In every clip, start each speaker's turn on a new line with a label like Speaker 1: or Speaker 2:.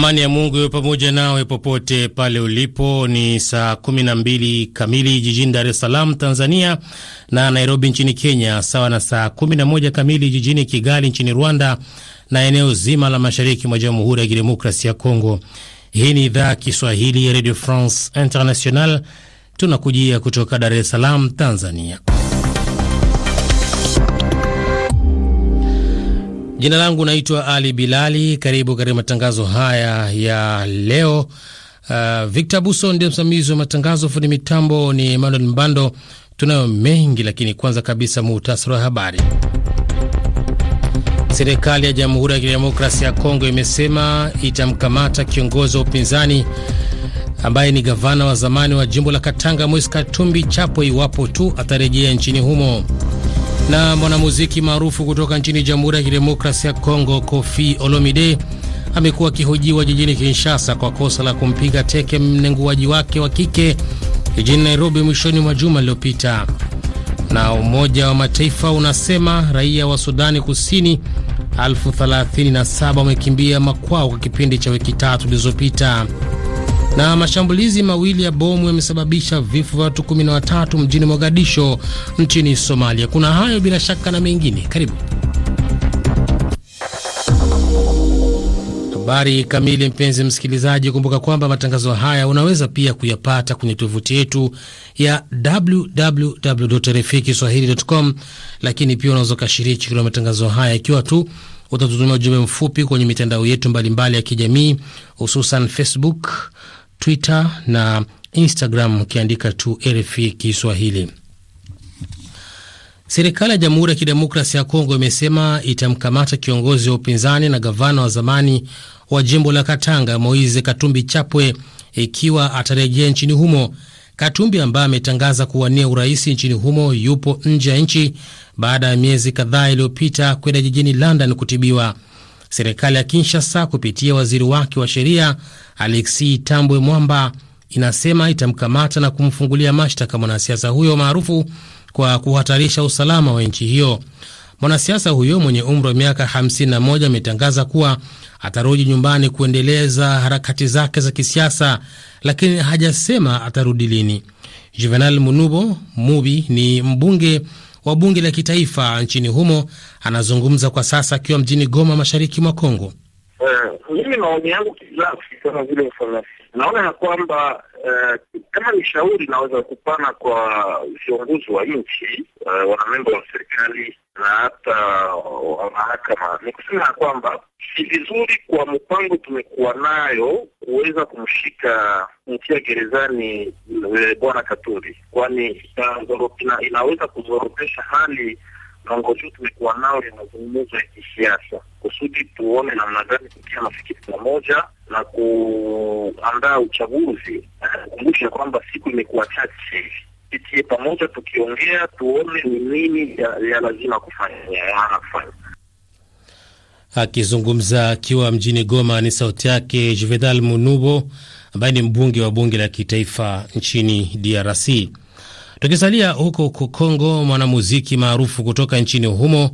Speaker 1: Amani ya Mungu iwe pamoja nawe popote pale ulipo. Ni saa kumi na mbili kamili jijini Dar es Salaam, Tanzania, na Nairobi nchini Kenya, sawa na saa kumi na moja kamili jijini Kigali nchini Rwanda na eneo zima la mashariki mwa Jamhuri ya Kidemokrasi ya Kongo. Hii ni idhaa ya Kiswahili ya Radio France International, tunakujia kutoka Dar es Salaam, Tanzania. Jina langu naitwa Ali Bilali. Karibu katika matangazo haya ya leo. Uh, Victor Buso ndiye msimamizi wa matangazo, fundi mitambo ni Emmanuel Mbando. Tunayo mengi, lakini kwanza kabisa muhtasari wa habari. Serikali ya Jamhuri ya Kidemokrasia ya Kongo imesema itamkamata kiongozi wa upinzani ambaye ni gavana wa zamani wa jimbo la Katanga Moise Katumbi chapo iwapo tu atarejea nchini humo. Na mwanamuziki maarufu kutoka nchini Jamhuri ya Kidemokrasia ya Kongo, Kofi Olomide amekuwa akihojiwa jijini Kinshasa kwa kosa la kumpiga teke mnenguaji wake wa kike jijini Nairobi mwishoni mwa juma lililopita. Na Umoja wa Mataifa unasema raia wa Sudani Kusini elfu 37 wamekimbia makwao kwa kipindi cha wiki tatu zilizopita. Na mashambulizi mawili ya bomu yamesababisha vifo vya watu 13 mjini Mogadisho nchini Somalia. Kuna hayo bila shaka na mengine, karibu Habari kamili, mpenzi msikilizaji, kumbuka kwamba matangazo haya unaweza pia kuyapata kwenye tovuti yetu ya kiswahilicom lakini pia unaweza ukashiriki kwenye matangazo haya ikiwa tu utatutumia ujumbe mfupi kwenye mitandao yetu mbalimbali mbali ya kijamii, hususan Facebook Twitter na Instagram ukiandika tu RFI Kiswahili. Serikali ya Jamhuri ya Kidemokrasia ya Kongo imesema itamkamata kiongozi wa upinzani na gavana wa zamani wa jimbo la Katanga Moise Katumbi Chapwe ikiwa atarejea nchini humo. Katumbi ambaye ametangaza kuwania urais nchini humo yupo nje ya nchi baada ya miezi kadhaa iliyopita kwenda jijini London kutibiwa. Serikali ya Kinshasa kupitia waziri wake wa sheria Alexi Tambwe Mwamba inasema itamkamata na kumfungulia mashtaka mwanasiasa huyo maarufu kwa kuhatarisha usalama wa nchi hiyo. Mwanasiasa huyo mwenye umri wa miaka 51 ametangaza kuwa atarudi nyumbani kuendeleza harakati zake za kisiasa, lakini hajasema atarudi lini. Juvenal Munubo Mubi ni mbunge wa bunge la kitaifa nchini humo anazungumza kwa sasa akiwa mjini Goma, mashariki mwa Kongo.
Speaker 2: Eh, mimi maoni yangu kibinafsi, kama vile mfanasi, naona ya kwamba eh, kama ni shauri naweza kupana kwa viongozi wa nchi, eh, wanamemba wa serikali na hata uh, wa mahakama. Ni kusema ya kwamba si vizuri kwa mpango tumekuwa nayo kuweza kumshika kumtia gerezani eh, bwana Katuri, kwani ina, inaweza kuzorotesha hali mpango juu tumekuwa nao ya mazungumzo ya kisiasa kusudi tuone namna gani kukia mafikiri pamoja na kuandaa uchaguzi. Kukumbusha kwamba siku imekuwa chache tupitie pamoja, tukiongea, tuone ni nini ya lazima kufanya
Speaker 1: ya kufanya. Akizungumza akiwa mjini Goma, ni sauti yake Juvenal Munubo ambaye ni mbunge wa bunge la kitaifa nchini DRC. Tukisalia huko huko Kongo, mwanamuziki maarufu kutoka nchini humo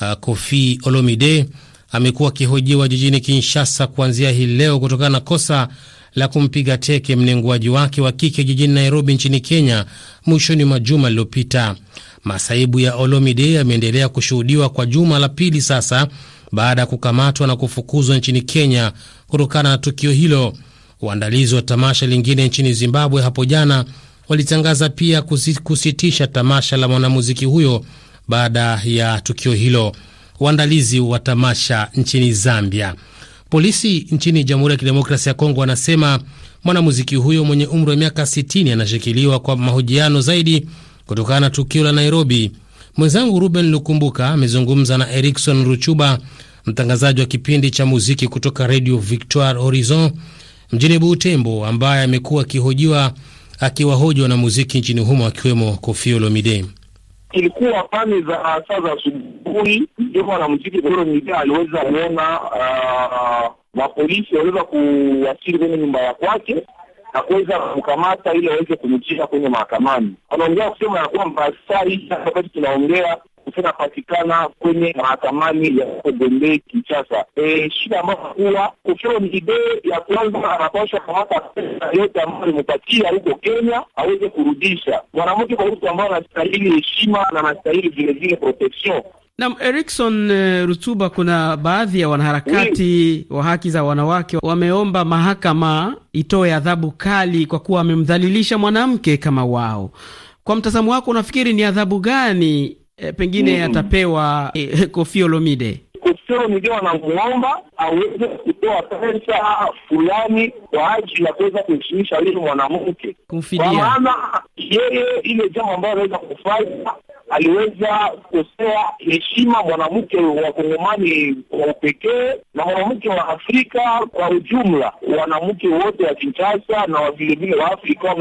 Speaker 1: uh, Kofi Olomide amekuwa akihojiwa jijini Kinshasa kuanzia hii leo kutokana na kosa la kumpiga teke mlenguaji wake wa kike jijini Nairobi nchini Kenya mwishoni mwa juma lililopita. Masaibu ya Olomide yameendelea kushuhudiwa kwa juma la pili sasa baada ya kukamatwa na kufukuzwa nchini Kenya kutokana na tukio hilo. Waandalizi wa tamasha lingine nchini Zimbabwe hapo jana walitangaza pia kusitisha tamasha la mwanamuziki huyo baada ya tukio hilo. Waandalizi wa tamasha nchini Zambia Polisi nchini Jamhuri ya Kidemokrasia ya Kongo wanasema mwanamuziki huyo mwenye umri wa miaka 60 anashikiliwa kwa mahojiano zaidi kutokana na tukio la Nairobi. Mwenzangu Ruben Lukumbuka amezungumza na Erikson Ruchuba, mtangazaji wa kipindi cha muziki kutoka Radio Victoire Horizon mjini Butembo, ambaye amekuwa akihojiwa akiwahoji wanamuziki nchini humo akiwemo Koffi Olomide
Speaker 2: ilikuwa pande za saa za asubuhi, ndio mwanamuziki Kogoro Milita aliweza kuona uh, mapolisi waliweza kuwasili kwenye nyumba ya kwake na kuweza kumkamata ili aweze kumjia kwenye mahakamani. Wanaongea kusema ya kwamba saa hii wakati tunaongea kinapatikana kwenye mahakamani ya Gombe Kinshasa. E, shida ambayo kuwa kufero ni idee ya kwanza, anapashwa kamata pesa yote ambayo limepatia huko Kenya aweze kurudisha mwanamke kwa mtu ambayo anastahili heshima na anastahili vilevile protection.
Speaker 3: Nam Erikson eh, Rutuba, kuna baadhi ya wanaharakati wa haki za wanawake wameomba mahakama itoe adhabu kali kwa kuwa amemdhalilisha mwanamke kama wao. Kwa mtazamo wako, unafikiri ni adhabu gani e, pengine mm, atapewa e, eh, Kofi Olomide.
Speaker 2: Olomide wanamwomba aweze kutoa pesa fulani kwa ajili ya kuweza kuheshimisha yule mwanamke, kwa maana yeye ile jambo ambayo anaweza kufanya aliweza kukosea heshima mwanamke wa Kongomani wa upekee na mwanamke wa Afrika kwa
Speaker 3: ujumla. Wanamke wote wa Kinshasa na vilevile wa Afrika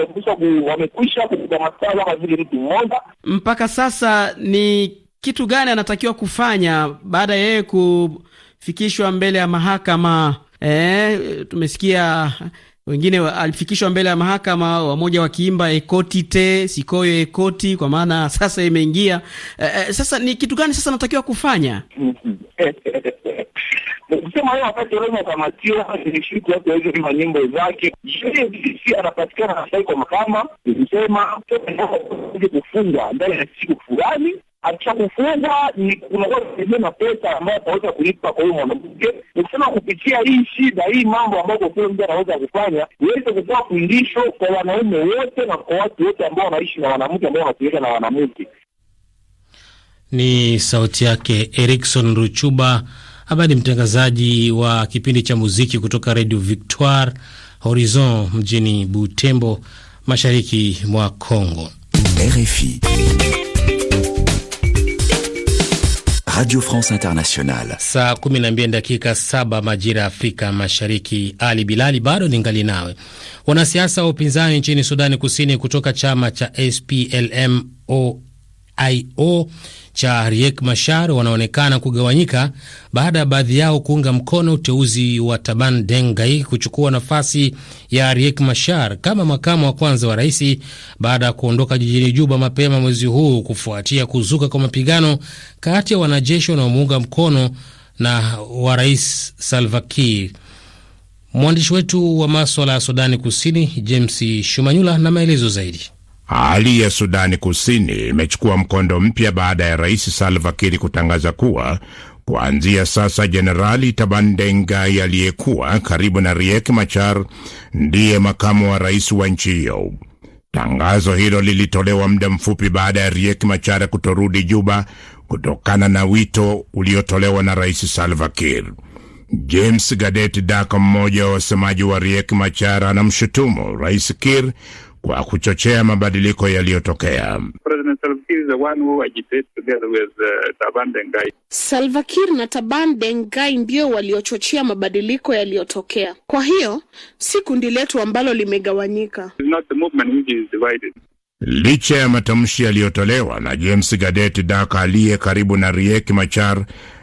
Speaker 3: wamekwisha kukamata kama vile mtu mmoja. Mpaka sasa ni kitu gani anatakiwa kufanya baada ya yeye kufikishwa mbele ya mahakama? E, tumesikia wengine alifikishwa mbele ya mahakama, wamoja wakiimba ekoti te sikoyo ekoti, kwa maana sasa imeingia. E, sasa ni kitu gani sasa natakiwa kufanya? Kusema hiyo wakati ule umekamatiwa
Speaker 2: nilishuku watu waweze kuimba nyimbo zake. Yeye sisi anapatikana nasai kwa mahakama, nilisema kufungwa ndani ya siku fulani kunakuwa unakuwa na pesa ambayo ataweza kulipa kwa huyo mwanamke. Ni kusema kupitia hii shida hii mambo ambayo kwa kweli mtu anaweza kufanya iweze kutoa fundisho kwa wanaume wote na kwa watu wote ambao wanaishi na wanamke ambao wanatumika na wanamke.
Speaker 1: Ni sauti yake Erikson Ruchuba ambaye ni mtangazaji wa kipindi cha muziki kutoka Radio Victoire Horizon mjini Butembo, mashariki mwa
Speaker 4: Congo. RFI Radio France Internationale.
Speaker 1: Saa 12 dakika saba majira ya Afrika Mashariki. Ali Bilali bado ni ngali nawe. Wanasiasa wa upinzani nchini Sudani Kusini kutoka chama cha SPLM-O IO cha Riek Machar wanaonekana kugawanyika baada ya baadhi yao kuunga mkono uteuzi wa Taban dengai kuchukua nafasi ya Riek Machar kama makamu wa kwanza wa rais baada ya kuondoka jijini Juba mapema mwezi huu kufuatia kuzuka kwa mapigano kati ya wanajeshi wanaomuunga mkono na wa rais Salva Kiir. Mwandishi wetu wa maswala ya Sudani Kusini James Shumanyula na maelezo zaidi.
Speaker 5: Hali ya Sudani Kusini imechukua mkondo mpya baada ya Rais Salva Kiir kutangaza kuwa kuanzia sasa Jenerali Taban aliyekuwa karibu na Riek Machar ndiye makamu wa rais wa nchi hiyo. Tangazo hilo lilitolewa muda mfupi baada ya Riek Machar kutorudi Juba kutokana na wito uliotolewa na Rais Salva Kiir. James Gadet Dak, mmoja wa wasemaji wa Riek Machar, anamshutumu Rais Kiir kwa kuchochea mabadiliko yaliyotokea. Uh,
Speaker 6: Salva Kiir na Taban Dengai ndio waliochochea mabadiliko yaliyotokea. Kwa hiyo si kundi letu ambalo limegawanyika.
Speaker 5: Licha ya matamshi yaliyotolewa na James Gadet Dak aliye karibu na Riek Machar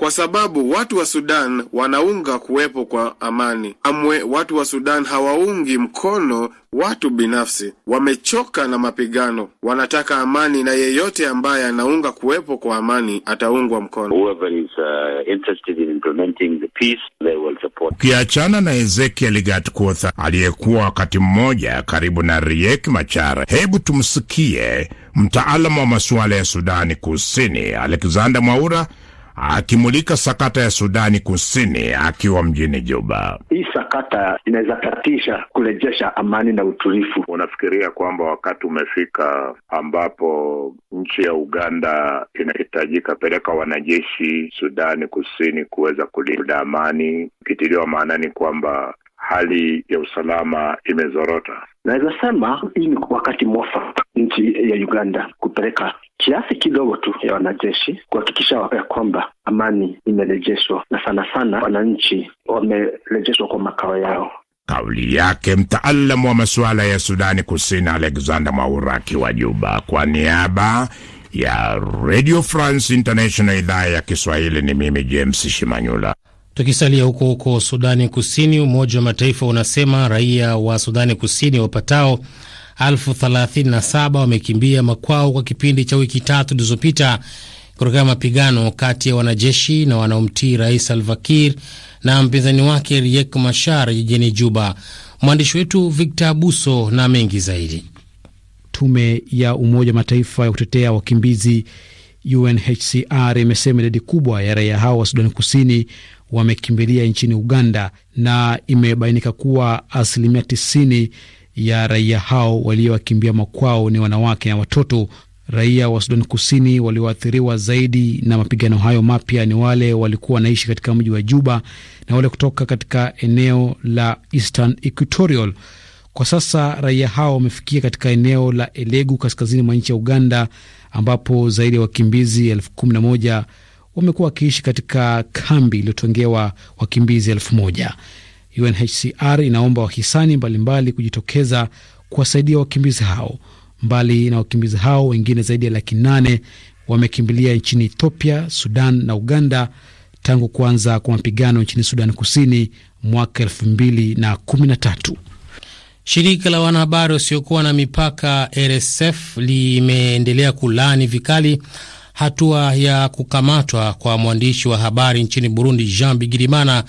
Speaker 7: kwa sababu watu wa Sudan wanaunga kuwepo kwa amani. amwe watu wa Sudan hawaungi mkono watu binafsi. Wamechoka na mapigano, wanataka amani, na yeyote ambaye anaunga kuwepo kwa amani ataungwa mkono. Uh,
Speaker 5: Ukiachana na Ezekiel Gatkuotha aliyekuwa wakati mmoja karibu na Riek Machar, hebu tumsikie mtaalamu wa masuala ya Sudani Kusini Alexander Mwaura akimulika sakata ya Sudani Kusini akiwa mjini Juba. Hii sakata inaweza tatisha kurejesha amani na utulivu. Unafikiria kwamba wakati umefika ambapo nchi ya Uganda inahitajika peleka wanajeshi Sudani Kusini kuweza kulinda amani, maana maanani kwamba hali ya usalama imezorota.
Speaker 7: Naweza sema hii ni wakati mwafaka nchi ya Uganda kupeleka kiasi kidogo tu ya wanajeshi kuhakikisha ya kwamba amani
Speaker 1: imerejeshwa, na sana sana wananchi wamerejeshwa kwa makao yao.
Speaker 5: Kauli yake mtaalamu wa masuala ya Sudani Kusini Alexander Mwaura akiwa Juba kwa niaba ya Radio France International idhaa ya Kiswahili. Ni mimi James Shimanyula.
Speaker 1: Tukisalia huko huko Sudani Kusini, Umoja wa Mataifa unasema raia wa Sudani Kusini wapatao elfu thelathini na saba wamekimbia makwao kwa kipindi cha wiki tatu zilizopita kutokana mapigano kati ya wanajeshi na wanaomtii Rais Salva Kiir na mpinzani wake Riek Machar jijini Juba.
Speaker 8: Mwandishi wetu Victor Abuso na mengi zaidi. Tume ya Umoja wa Mataifa ya kutetea wakimbizi UNHCR imesema idadi kubwa ya raia hao wa Sudani Kusini wamekimbilia nchini Uganda, na imebainika kuwa asilimia tisini ya raia hao waliowakimbia makwao ni wanawake na watoto. Raia wa Sudan Kusini walioathiriwa zaidi na mapigano hayo mapya ni wale walikuwa wanaishi katika mji wa Juba na wale kutoka katika eneo la Eastern Equatorial. Kwa sasa raia hao wamefikia katika eneo la Elegu kaskazini mwa nchi ya Uganda ambapo zaidi ya wakimbizi elfu kumi na moja wamekuwa wakiishi katika kambi iliyotengewa wakimbizi elfu moja. UNHCR inaomba wahisani mbalimbali kujitokeza kuwasaidia wakimbizi hao. Mbali na wakimbizi hao, wengine zaidi ya laki nane wamekimbilia nchini Ethiopia, Sudan na Uganda tangu kuanza kwa mapigano nchini Sudan Kusini mwaka elfu mbili na kumi na tatu.
Speaker 1: Shirika la wanahabari wasiokuwa na mipaka RSF limeendelea kulaani vikali hatua ya kukamatwa kwa mwandishi wa habari nchini Burundi Jean Bigirimana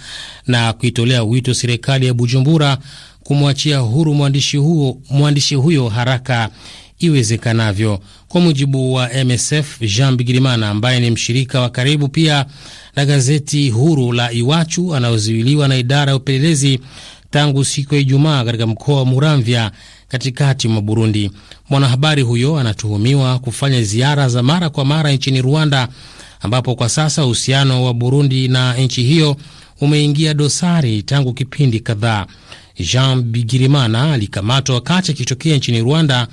Speaker 1: na kuitolea wito serikali ya Bujumbura kumwachia huru mwandishi huo, mwandishi huyo haraka iwezekanavyo. Kwa mujibu wa MSF, Jean Bigirimana ambaye ni mshirika wa karibu pia na gazeti huru la Iwachu anayozuiliwa na idara ya upelelezi tangu siku ya Ijumaa katika mkoa wa Muramvya katikati mwa Burundi. Mwanahabari huyo anatuhumiwa kufanya ziara za mara kwa mara nchini Rwanda, ambapo kwa sasa uhusiano wa Burundi na nchi hiyo umeingia dosari tangu kipindi kadhaa. Jean Bigirimana alikamatwa wakati akitokea nchini Rwanda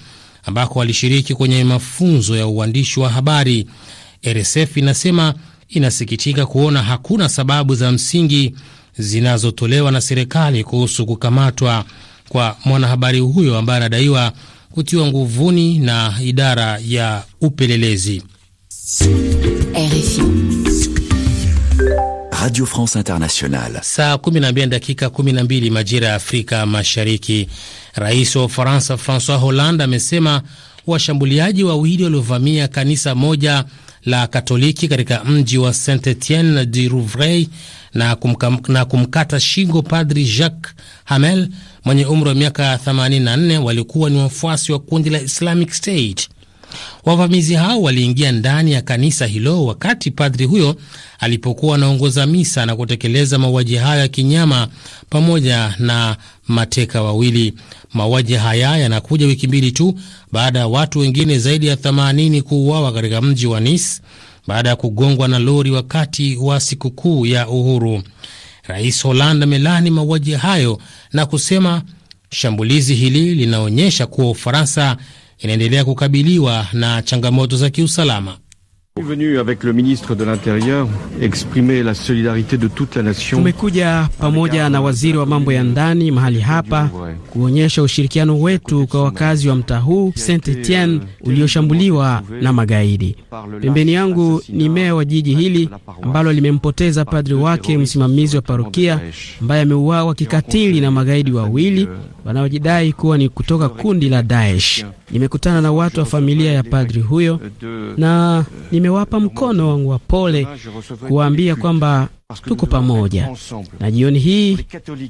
Speaker 1: ambako alishiriki kwenye mafunzo ya uandishi wa habari. RSF inasema inasikitika kuona hakuna sababu za msingi zinazotolewa na serikali kuhusu kukamatwa kwa mwanahabari huyo ambaye anadaiwa kutiwa nguvuni na idara ya upelelezi.
Speaker 7: RFI
Speaker 4: Radio France Internationale.
Speaker 1: Saa 12 dakika 12 majira ya Afrika Mashariki. Rais wa Ufaransa Francois Hollande amesema washambuliaji wawili waliovamia kanisa moja la Katoliki katika mji wa Saint Etienne du Rouvray na, kumka, na kumkata shingo Padri Jacques Hamel mwenye umri wa miaka 84 walikuwa ni wafuasi wa kundi la Islamic State. Wavamizi hao waliingia ndani ya kanisa hilo wakati padri huyo alipokuwa anaongoza misa na kutekeleza mauaji hayo ya kinyama pamoja na mateka wawili. Mauaji haya yanakuja wiki mbili tu baada ya watu wengine zaidi ya 80 kuuawa katika mji wa Nice baada ya kugongwa na lori wakati wa sikukuu ya uhuru. Rais holand amelaani mauaji hayo na kusema shambulizi hili linaonyesha kuwa Ufaransa inaendelea kukabiliwa
Speaker 3: na changamoto za kiusalama.
Speaker 7: Venu avec le ministre de l'Intérieur exprimer la solidarité de toute la nation.
Speaker 3: Tumekuja pamoja na waziri wa mambo ya ndani mahali hapa kuonyesha ushirikiano wetu kwa wakazi wa mtaa huu Saint Etienne ulioshambuliwa na magaidi. Pembeni yangu ni meya wa jiji hili ambalo limempoteza padri wake, msimamizi wa parokia ambaye ameuawa kikatili na magaidi wawili wanaojidai kuwa ni kutoka kundi la Daesh. Nimekutana na watu wa familia ya padri huyo na nime nimewapa mkono wangu wa pole kuwaambia kwamba tuko pamoja. Na jioni hii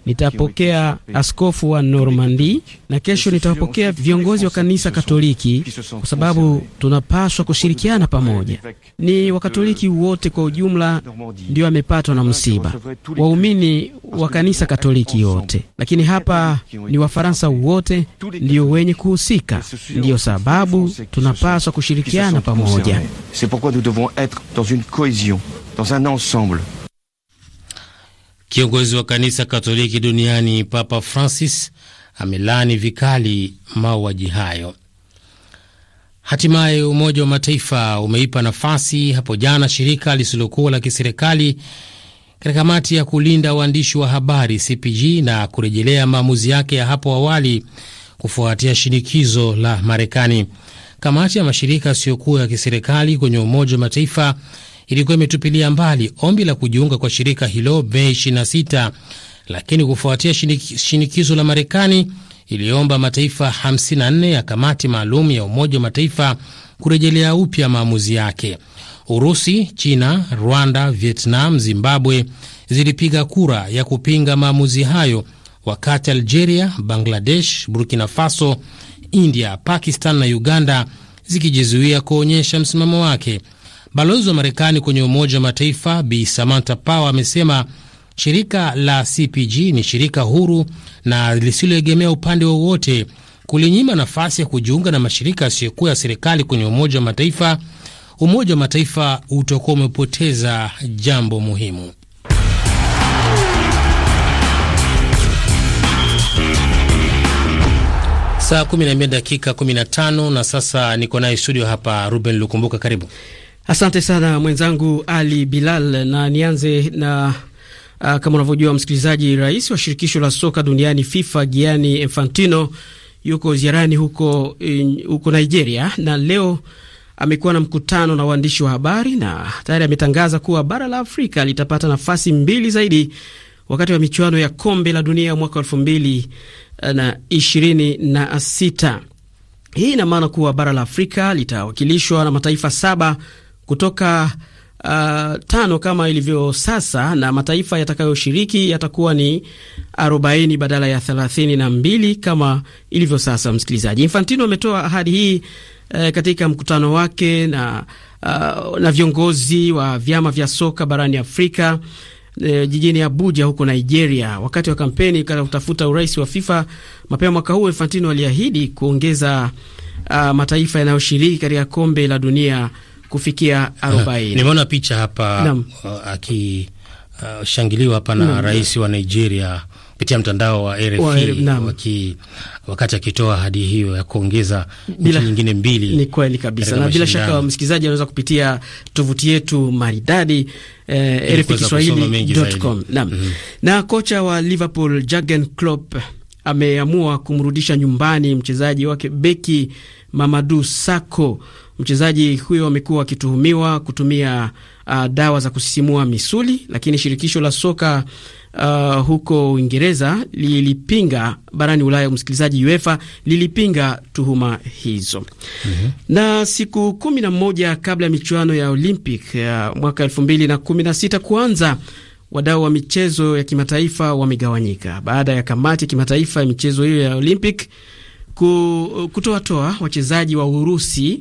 Speaker 3: nitapokea askofu wa Normandi na kesho nitapokea viongozi wa kanisa Katoliki, kwa sababu tunapaswa kushirikiana pamoja. Ni Wakatoliki wote kwa ujumla ndio amepatwa na msiba, waumini wa kanisa Katoliki wote, lakini hapa ni Wafaransa wote ndio wenye kuhusika. Ndiyo sababu tunapaswa kushirikiana pamoja.
Speaker 1: Kiongozi wa kanisa Katoliki duniani Papa Francis amelaani vikali mauaji hayo. Hatimaye Umoja wa Mataifa umeipa nafasi hapo jana shirika lisilokuwa la kiserikali katika kamati ya kulinda waandishi wa habari CPG na kurejelea maamuzi yake ya hapo awali kufuatia shinikizo la Marekani. Kamati ya mashirika yasiyokuwa ya kiserikali kwenye Umoja wa Mataifa ilikuwa imetupilia mbali ombi la kujiunga kwa shirika hilo Mei 26, lakini kufuatia shinikizo la Marekani iliomba mataifa 54 ya kamati maalum ya Umoja wa Mataifa kurejelea upya maamuzi yake. Urusi, China, Rwanda, Vietnam, Zimbabwe zilipiga kura ya kupinga maamuzi hayo, wakati Algeria, Bangladesh, Burkina Faso, India, Pakistan na Uganda zikijizuia kuonyesha msimamo wake Balozi wa Marekani kwenye Umoja wa Mataifa Bi Samantha Power amesema shirika la CPG ni shirika huru na lisiloegemea upande wowote. Kulinyima nafasi ya kujiunga na mashirika yasiyokuwa ya serikali kwenye Umoja wa Mataifa, Umoja wa Mataifa utakuwa umepoteza jambo muhimu. Saa 12 dakika 15, na sasa niko naye
Speaker 3: studio hapa Ruben Lukumbuka, karibu. Asante sana mwenzangu Ali Bilal, na nianze na uh, kama unavyojua msikilizaji, rais wa shirikisho la soka duniani FIFA Gianni Infantino yuko ziarani huko, huko Nigeria na leo amekuwa na mkutano na waandishi wa habari na tayari ametangaza kuwa bara la Afrika litapata nafasi mbili zaidi wakati wa michuano ya kombe la dunia mwaka elfu mbili eh, na ishirini na sita. Hii ina maana kuwa bara la Afrika litawakilishwa na mataifa saba kutoka uh, tano kama ilivyo sasa, na mataifa yatakayoshiriki yatakuwa ni 40 badala ya 32 kama ilivyo sasa. Msikilizaji, Infantino ametoa ahadi hii uh, katika mkutano wake na, uh, na viongozi wa vyama vya soka barani Afrika eh, jijini Abuja huko Nigeria, wakati wa kampeni katika kutafuta urais wa FIFA mapema mwaka huu. Infantino aliahidi kuongeza uh, mataifa yanayoshiriki katika kombe la dunia kufikia arobaini. Nimeona
Speaker 1: picha hapa uh, akishangiliwa hapa na, uh, na rais wa Nigeria kupitia mtandao wa RFI waki, wakati akitoa ahadi hiyo ya kuongeza nchi nyingine mbili. Ni
Speaker 3: kweli kabisa, na bila shaka msikilizaji anaweza kupitia tovuti yetu maridadi eh, RFI Kiswahili.com. Naam, mm -hmm. Na kocha wa Liverpool Jurgen Klopp ameamua kumrudisha nyumbani mchezaji wake beki Mamadu Sako. Mchezaji huyo amekuwa akituhumiwa kutumia uh, dawa za kusisimua misuli, lakini shirikisho la soka uh, huko Uingereza lilipinga, barani Ulaya msikilizaji, UEFA lilipinga tuhuma hizo. mm -hmm. Na siku kumi na moja kabla ya michuano ya Olympic uh, mwaka elfu mbili na kumi na sita kuanza wadau wa michezo ya kimataifa wamegawanyika baada ya kamati ya kimataifa ya michezo hiyo ya Olympic kutoatoa wachezaji wa Urusi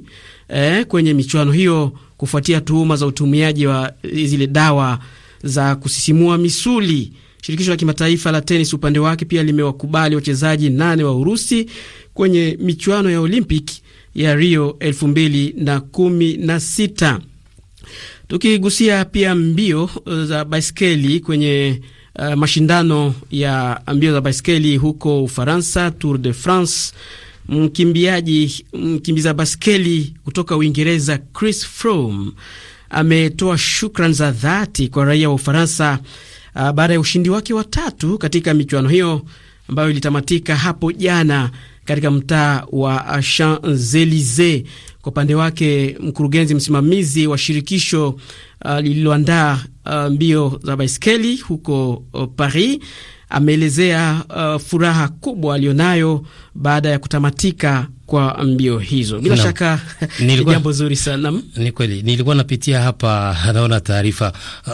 Speaker 3: eh, kwenye michuano hiyo kufuatia tuhuma za utumiaji wa zile dawa za kusisimua misuli. Shirikisho la kimataifa la tenis upande wake pia limewakubali wachezaji nane wa Urusi kwenye michuano ya Olympic ya Rio 2016. Tukigusia pia mbio eh, za baiskeli kwenye uh, mashindano ya mbio za baiskeli huko Ufaransa, Tour de France. Mkimbiaji mkimbiza baskeli kutoka Uingereza Chris Froome ametoa shukran za dhati kwa raia wa Ufaransa uh, baada ya ushindi wake wa tatu katika michuano hiyo ambayo ilitamatika hapo jana katika mtaa wa Champs-Elysees. Kwa upande wake mkurugenzi msimamizi wa shirikisho uh, lililoandaa uh, mbio za baiskeli huko uh, Paris ameelezea uh, furaha kubwa aliyonayo baada ya kutamatika kwa mbio hizo. Bila no. shaka ni jambo
Speaker 1: zuri sana. Ni kweli, nilikuwa napitia hapa, naona taarifa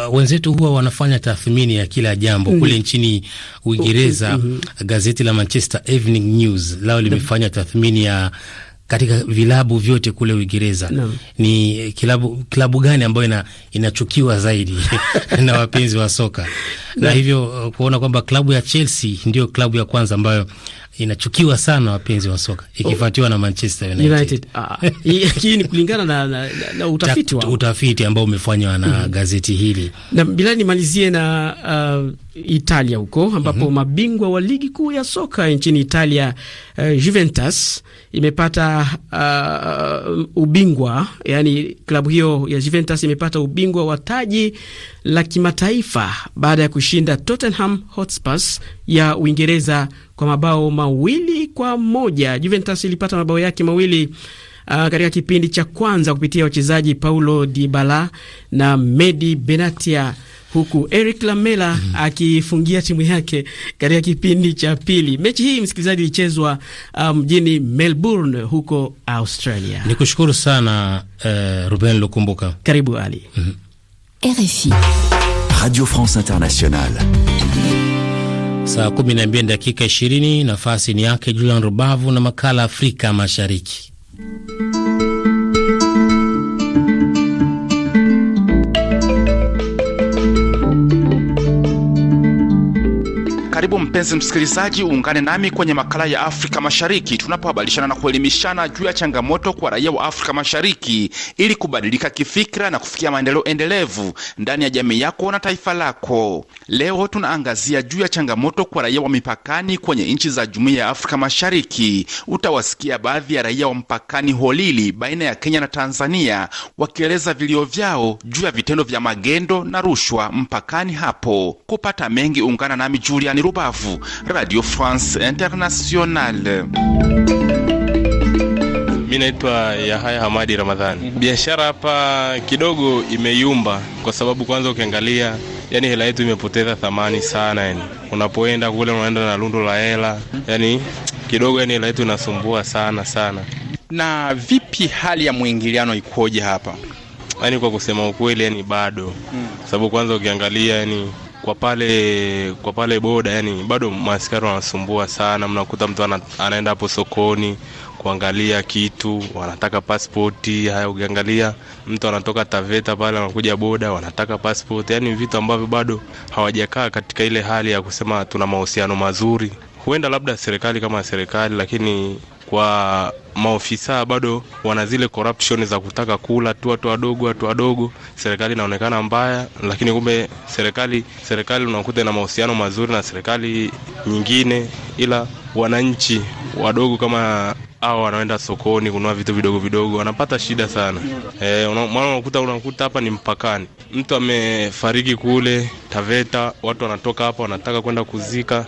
Speaker 1: uh, wenzetu huwa wanafanya tathmini ya kila jambo mm. Kule nchini Uingereza mm -hmm. Gazeti la Manchester Evening News lao limefanya tathmini ya katika vilabu vyote kule Uingereza no. ni eh, kilabu, kilabu gani ambayo ina, inachukiwa zaidi na wapenzi wa soka na hivyo uh, kuona kwamba klabu ya Chelsea ndio klabu ya kwanza ambayo inachukiwa sana wapenzi wa soka ikifuatiwa na Manchester United, United. Ah, ah. hii
Speaker 3: ni kulingana na, na, na utafiti utafiti ambao umefanywa
Speaker 1: na mm -hmm. gazeti hili
Speaker 3: na bila nimalizie na uh, Italia huko ambapo mm -hmm. mabingwa wa ligi kuu ya soka nchini Italia uh, Juventus imepata uh, ubingwa yani klabu hiyo ya Juventus imepata ubingwa wa taji la kimataifa baada ya kushinda Tottenham Hotspurs ya Uingereza kwa mabao mawili kwa moja. Juventus ilipata mabao yake mawili uh, katika kipindi cha kwanza kupitia wachezaji Paulo Dybala na Medi Benatia huku Eric Lamela mm -hmm. akifungia timu yake katika kipindi cha pili. Mechi hii msikilizaji, ilichezwa uh, mjini um, Melbourne huko Australia.
Speaker 1: kushukuru sana uh, Ruben Lukumbuka. Karibu Ali. mm -hmm. RFI. Radio France Internationale. Saa 12 dakika ishirini. nafasi ni yake Julian Rubavu na makala Afrika Mashariki.
Speaker 4: Karibu mpenzi msikilizaji, uungane nami kwenye makala ya Afrika Mashariki tunapohabarishana na kuelimishana juu ya changamoto kwa raia wa Afrika Mashariki ili kubadilika kifikira na kufikia maendeleo endelevu ndani ya jamii yako na taifa lako. Leo tunaangazia juu ya changamoto kwa raia wa mipakani kwenye nchi za Jumuiya ya Afrika Mashariki. Utawasikia baadhi ya raia wa mpakani Holili baina ya Kenya na Tanzania wakieleza vilio vyao juu ya vitendo vya magendo na rushwa mpakani hapo. Kupata mengi, ungana nami Juliani Rubavu, Radio France Internationale. Mimi naitwa Yahaya Hamadi
Speaker 9: Ramadhani. Biashara hapa kidogo imeyumba kwa sababu kwanza ukiangalia yani hela yetu imepoteza thamani sana yani. Unapoenda kule unaenda na lundo la hela. Yani kidogo yani hela yetu inasumbua sana sana.
Speaker 4: Na vipi hali ya
Speaker 9: mwingiliano ikoje hapa? Yani kwa kusema ukweli yani bado. Kwa hmm. Sababu kwanza ukiangalia yani kwa pale kwa pale boda, yani bado maaskari wanasumbua sana. Mnakuta mtu ana, anaenda hapo sokoni kuangalia kitu, wanataka pasipoti. Haya, ukiangalia mtu anatoka Taveta pale anakuja boda, wanataka pasipoti, yani vitu ambavyo bado hawajakaa katika ile hali ya kusema tuna mahusiano mazuri. Huenda labda serikali kama serikali, lakini kwa maofisa bado wana zile corruption za kutaka kula tu watu wadogo watu wadogo. Serikali inaonekana mbaya, lakini kumbe serikali serikali unakuta na mahusiano mazuri na serikali nyingine, ila wananchi wadogo kama hao wanaenda sokoni kunua vitu vidogo vidogo, wanapata shida sana. E, maana unakuta unakuta hapa ni mpakani, mtu amefariki kule Taveta, watu wanatoka hapa wanataka kwenda kuzika,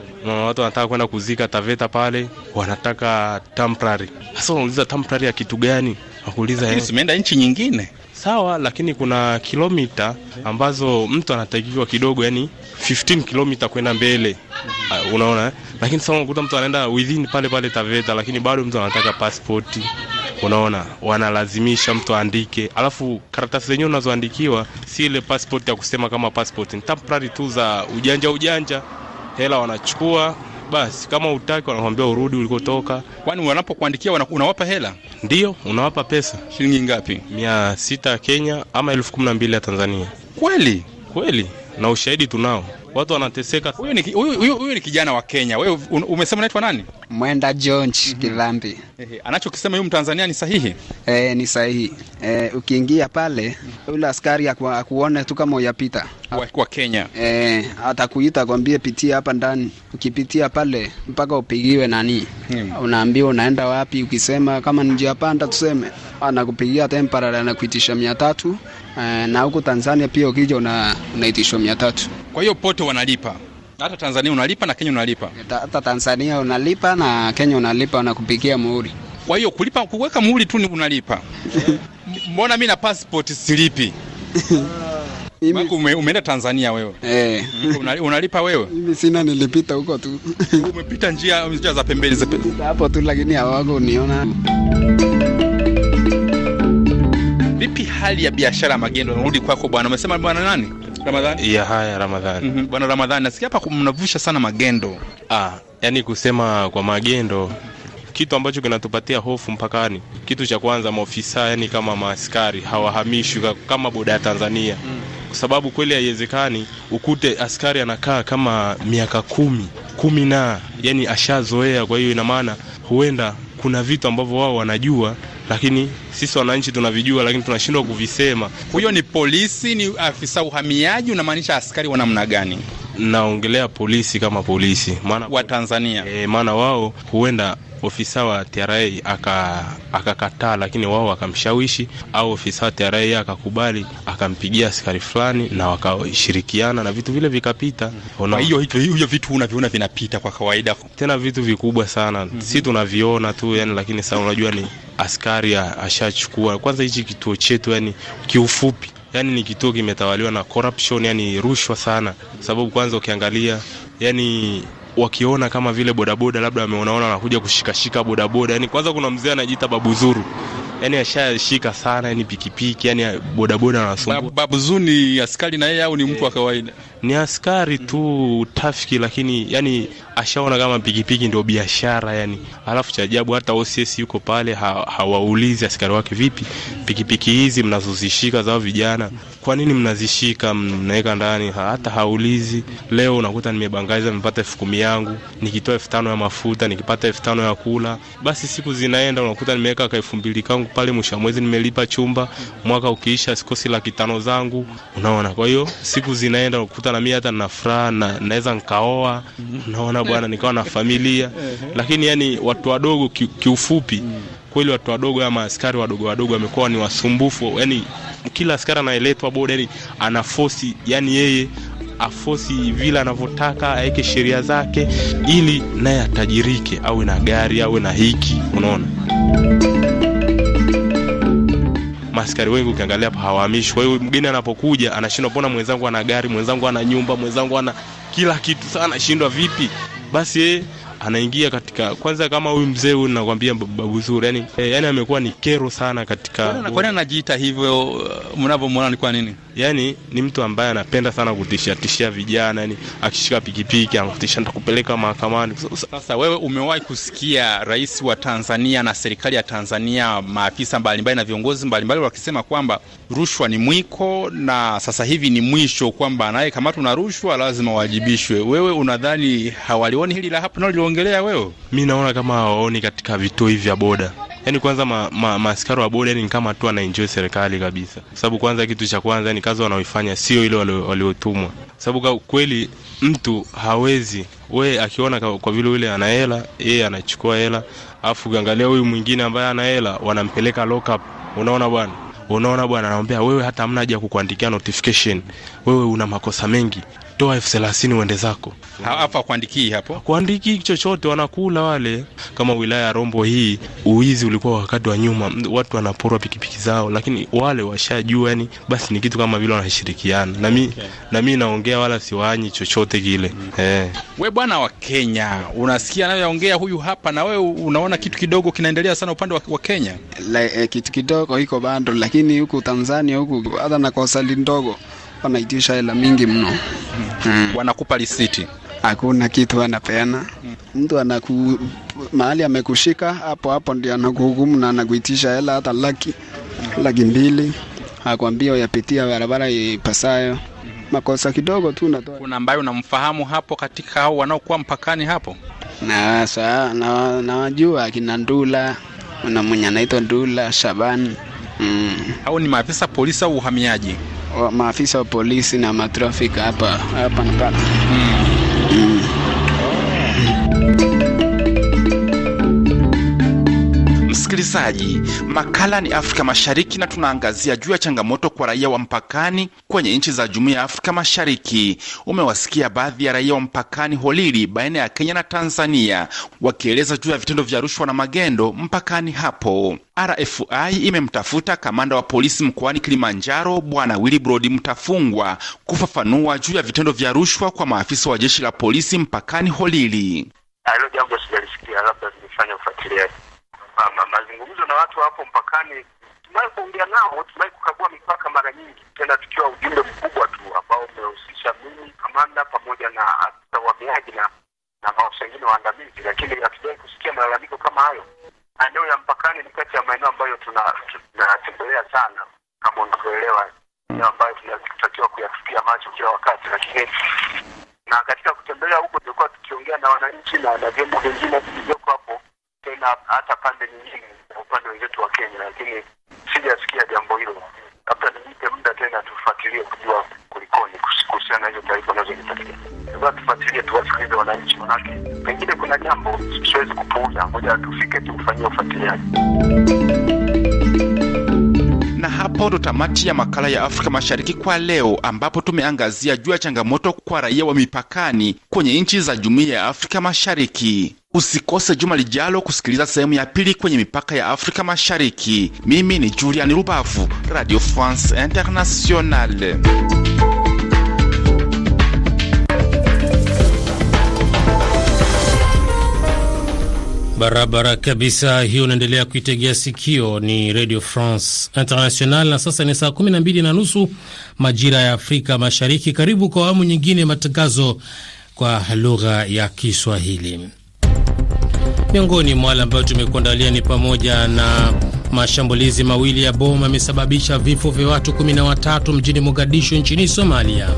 Speaker 9: watu wanataka kwenda kuzika Taveta pale, wanataka tam tamprari. Sasa unauliza tamprari ya kitu gani? Nakuuliza simeenda
Speaker 4: nchi nyingine
Speaker 9: sawa, lakini kuna kilomita ambazo mtu anatakiwa kidogo, yani 15 kilomita kwenda mbele uh, unaona eh? Lakini sasa unakuta mtu anaenda within pale pale Taveta, lakini bado mtu anataka pasipoti Unaona, wanalazimisha mtu aandike, alafu karatasi zenyewe unazoandikiwa si ile pasipoti ya kusema kama pasipoti, ni temporary tu za ujanja ujanja, hela wanachukua basi kama utaki wanakwambia urudi ulikotoka. Kwani wanapokuandikia unawapa hela? Ndio, unawapa pesa. Shilingi ngapi? mia sita ya Kenya ama elfu kumi na mbili ya Tanzania. Kweli kweli, na
Speaker 4: ushahidi tunao
Speaker 9: watu wanateseka. Huyu
Speaker 4: ni huyu huyu ni kijana wa Kenya. Wewe umesema unaitwa nani? Mwenda George mm -hmm. Kilambi. Ehe, anachokisema huyu Mtanzania ni sahihi? Eh, ni sahihi.
Speaker 10: Eh, ukiingia pale yule askari akuone tu kama uyapita
Speaker 4: kwa, kwa Kenya.
Speaker 10: Eh, atakuita kwambie pitia hapa ndani. Ukipitia pale mpaka upigiwe nani? Mm. Unaambiwa unaenda wapi? Ukisema kama ni njia panda tuseme, anakupigia temporary anakuitisha 300 Eh, na huko Tanzania pia ukija una, unaitishwa mia
Speaker 4: tatu. Kwa hiyo pote wanalipa hata Tanzania unalipa na Kenya unalipa
Speaker 10: hata Tanzania unalipa
Speaker 4: na Kenya unalipa, wanakupigia muhuri. Kwa hiyo kulipa kuweka muhuri tu ni unalipa. Mbona mimi na passport silipi? Ume, umeenda Tanzania wewe eh? unalipa wewe?
Speaker 10: Mimi sina, nilipita huko tu.
Speaker 4: Umepita njia, njia za pembeni
Speaker 10: hapo tu, lakini hawako niona
Speaker 4: Vipi hali ya biashara magendo? Narudi kwako bwana, umesema bwana nani? Ramadhani? Ya haya Ramadhani. Mm -hmm. Bwana Ramadhani, nasikia hapa mnavusha sana magendo. Ah, yani kusema kwa
Speaker 9: magendo kitu ambacho kinatupatia hofu mpakani, kitu cha kwanza maofisa, yani kama maaskari hawahamishwi kama boda ya Tanzania mm. Kwa sababu kweli haiwezekani ukute askari anakaa kama miaka kumi kumi na yani ashazoea. Kwa hiyo ina maana huenda kuna vitu ambavyo wao wanajua lakini sisi wananchi tunavijua, lakini tunashindwa kuvisema. Huyo ni polisi, ni afisa uhamiaji? Unamaanisha askari wa namna gani? Naongelea polisi kama polisi, maana wa Tanzania, e, maana wao huenda ofisa wa TRA akakataa aka, lakini wao wakamshawishi, au ofisa wa TRA akakubali, akampigia askari fulani na wakashirikiana na vitu vile vikapita. Kwa hiyo hivyo vitu unaviona vinapita kwa kawaida, tena vitu vikubwa sana, mm -hmm. si tunaviona tu yani, lakini sasa unajua ni askari ashachukua kwanza hichi kituo chetu, yani kiufupi yani ni kituo kimetawaliwa na corruption, yani rushwa sana, sababu kwanza ukiangalia yani wakiona kama vile bodaboda labda wameonaona wanakuja kushikashika bodaboda. Yani kwanza kuna mzee anajiita Babu Zuru, yani ashashika sana, yani pikipiki, yani bodaboda anasumbua.
Speaker 4: Babu Zuru ni askari na yeye au ni mtu wa kawaida?
Speaker 9: ni askari tu tafiki, lakini yani ashaona kama pikipiki ndio biashara yani. Alafu cha ajabu hata OCS yuko pale ha, hawaulizi askari wake, vipi pikipiki hizi mnazozishika za vijana, kwa nini mnazishika mnaweka ndani? ha, Hata haulizi. Leo unakuta nimebangaiza nimepata elfu kumi yangu, nikitoa elfu tano ya mafuta, nikipata elfu tano ya kula, basi siku zinaenda, unakuta nimeweka ka elfu mbili kangu pale, mwisho mwezi nimelipa chumba, mwaka ukiisha sikosi laki tano zangu, unaona. Kwa hiyo siku zinaenda unakuta na mimi hata na furaha na naweza nikaoa, naona bwana, nikawa na familia. Lakini yani watu wadogo ki, kiufupi kweli watu wadogo ama askari wadogo wadogo wamekuwa ni wasumbufu. Yani kila askari anayeletwa boda, yani ana force, yani yeye afosi vile anavyotaka, aweke sheria zake ili naye atajirike, awe na gari awe na hiki, unaona maskari wengi ukiangalia hapa hawahamishi. Kwa hiyo mgeni anapokuja anashindwa, mbona mwenzangu ana gari, mwenzangu ana nyumba, mwenzangu ana kila kitu, sasa anashindwa vipi? Basi yeye anaingia katika kwanza, kama huyu mzee huyu nakwambia Babu Zuri, yani, eh, yani amekuwa ni kero sana katika. nini anajiita hivyo, uh, mnavyomwona ni kwa nini? yani ni mtu ambaye anapenda sana kutishatishia vijana, yani akishika pikipiki anakutisha nitakupeleka mahakamani.
Speaker 4: Sasa wewe umewahi kusikia rais wa Tanzania na serikali ya Tanzania, maafisa mbalimbali na viongozi mbalimbali wakisema kwamba rushwa ni mwiko na sasa hivi ni mwisho, kwamba naye kama na rushwa lazima wajibishwe? Wewe unadhani hawalioni hili la hapo naliliongelea wewe? Mi
Speaker 9: naona kama hawaoni katika vituo hivi vya boda yani kwanza maaskari ma, ma wa boda yaani ni kama tu anaenjoy serikali kabisa, sababu kwanza, kitu cha kwanza ni yaani kazi wanaoifanya sio ile waliotumwa, sababu kweli mtu hawezi we akiona kwa, vile yule ana hela yeye anachukua hela, afu ukiangalia huyu mwingine ambaye ana hela wanampeleka lockup. Unaona bwana unaona bwana, anamwambia wewe hata hamna haja kukuandikia notification, wewe una makosa mengi toa elfu thelathini uende zako.
Speaker 4: Hapa kuandikii hapo
Speaker 9: kuandikii chochote, wanakula wale. Kama wilaya ya Rombo hii, uizi ulikuwa wakati wa nyuma, watu wanaporwa pikipiki zao, lakini wale washajua, yani basi ni kitu kama vile wanashirikiana na mi, okay. na naongea wala siwaanyi chochote kile mm. eh.
Speaker 4: We bwana wa Kenya, unasikia anayoongea huyu hapa, na wewe unaona kitu kidogo kinaendelea sana upande wa, wa Kenya.
Speaker 10: La, eh, kitu kidogo iko bando, lakini huku Tanzania huku hata na kwa ndogo hapa naitisha hela mingi mno
Speaker 4: mm. Wanakupa risiti?
Speaker 10: Hakuna kitu anapeana hmm. mtu anaku mahali amekushika hapo hapo ndio anakuhukumu na anakuitisha hela hata laki hmm. laki mbili, akwambia uyapitia barabara ipasayo. Hmm. Makosa kidogo tu
Speaker 4: natoa. Kuna ambaye unamfahamu hapo katika au wanaokuwa mpakani hapo?
Speaker 10: Na saa na nawajua akina Ndula na mwenye anaitwa Ndula Shaban. Mm. au ni maafisa polisi au uhamiaji? maafisa wa polisi na matrafiki hapa
Speaker 4: hapa Nkana. Mm. msikilizaji, makala ni Afrika Mashariki na tunaangazia juu ya changamoto kwa raia wa mpakani kwenye nchi za Jumuiya ya Afrika Mashariki. Umewasikia baadhi ya raia wa mpakani holili baina ya Kenya na Tanzania wakieleza juu ya vitendo vya rushwa na magendo mpakani hapo. RFI imemtafuta kamanda wa polisi mkoani Kilimanjaro Bwana Willibrod Mtafungwa kufafanua juu ya vitendo vya rushwa kwa maafisa wa jeshi la polisi mpakani holili. Ah, hilo jambo sijalisikia,
Speaker 2: labda ufuatiliaji ma, mazungumzo na watu hapo mpakani, tumaye kuongea nao, tumaye kukagua mipaka mara nyingi tena, tukiwa ujumbe mkubwa tu ambao umehusisha mimi kamanda pamoja na afisa uhamiaji na na maafisa wengine waandamizi, lakini hatujawahi kusikia malalamiko kama hayo. Maeneo ya mpakani ni kati ya maeneo ambayo tunatembelea tuna sana, kama unavyoelewa, eneo mm. ambayo tunatakiwa kuyafikia macho kila wakati, lakini na katika kutembelea huko tulikuwa tukiongea na wananchi na na vyombo vingine vilivyoko hapo tena hata pande nyingine, upande wenzetu wa Kenya, lakini sijasikia jambo hilo. Labda nijipe muda tena tufuatilie kujua kulikoni kuhusiana na hizo taarifa anazozipatia. Sasa tufuatilie, tuwasikilize wananchi, manake pengine kuna jambo siwezi
Speaker 4: kupuuza. Ngoja tufike tukufanyia ufuatiliaji na hapo ndo tamati ya makala ya Afrika Mashariki kwa leo, ambapo tumeangazia juu ya changamoto kwa raia wa mipakani kwenye nchi za Jumuiya ya Afrika Mashariki. Usikose juma lijalo kusikiliza sehemu ya pili kwenye mipaka ya Afrika Mashariki. Mimi ni Julian Rubavu, Radio France Internationale.
Speaker 1: Barabara kabisa hiyo, unaendelea kuitegea sikio, ni Radio France International. Na sasa ni saa 12 na nusu majira ya Afrika Mashariki. Karibu kwa awamu nyingine matangazo kwa lugha ya Kiswahili. Miongoni mwa wale ambayo tumekuandalia ni pamoja na mashambulizi mawili ya bomu yamesababisha vifo vya watu 13 mjini Mogadishu nchini Somalia,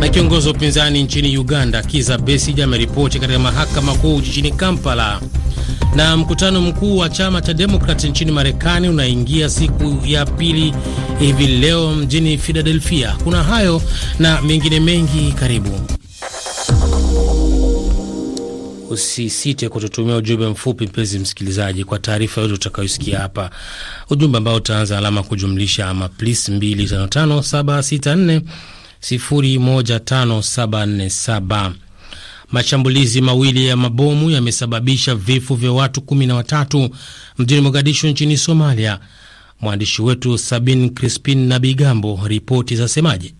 Speaker 1: na kiongozi wa upinzani nchini Uganda Kiza Besigye ameripoti katika mahakama kuu jijini Kampala, na mkutano mkuu wa chama cha Demokrat nchini Marekani unaingia siku ya pili hivi leo mjini Philadelphia. Kuna hayo na mengine mengi, karibu. Usisite kututumia ujumbe mfupi, mpenzi msikilizaji, kwa taarifa yote utakayosikia hapa, ujumbe ambao utaanza alama kujumlisha ama plis 255764015747. Mashambulizi mawili ya mabomu yamesababisha vifo vya watu kumi na watatu mjini Mogadishu nchini Somalia. Mwandishi wetu Sabin Crispin na Bigambo, ripoti zasemaje?